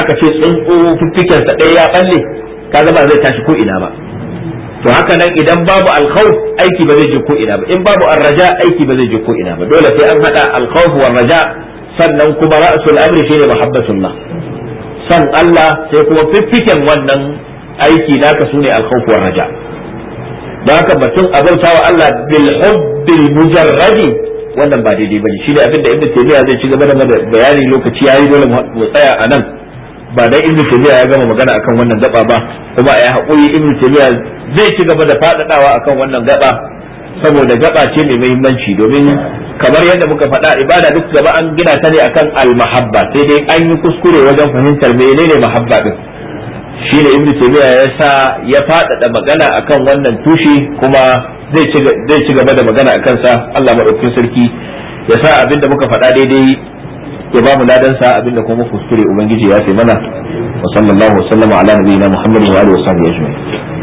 aka ce tsuntsu fiffikensa ɗaya ya balle ka zama zai tashi ko ina ba to haka nan idan babu al al-khawf aiki ba zai je ko ina ba in babu al-raja, aiki ba zai je ko ina ba dole sai an hada al-khawf war raja sannan kuma ra'sul amri shine muhabbatullah san Allah sai kuma fiffiken wannan aiki naka sune al wa raja da haka batun abauta wa Allah bil hubbil mujarradi wannan ba daidai bane shi da abin da ibnu taymiya zai ci gaba da bayani lokaci yayi dole mu tsaya a nan ba dan ibnu taymiya ya gama magana akan wannan gaba ba kuma ya hakuri ibnu taymiya zai ci gaba da fadadawa akan wannan gaba saboda gaba ce mai muhimmanci domin kamar yadda muka faɗa ibada duk gaba an gina ta ne akan al-mahabba sai dai an yi kuskure wajen fahimtar menene mahabba din shi da ibnu taymiya ya sa ya faɗaɗa magana akan wannan tushe kuma zai ci gaba da magana akan sa Allah madaukakin sarki ya sa abinda muka faɗa daidai ya ba mu ladan sa abinda kuma kuskure ubangiji ya fi mana wa sallallahu wa sallama ala nabiyina muhammadin wa alihi wa sahbihi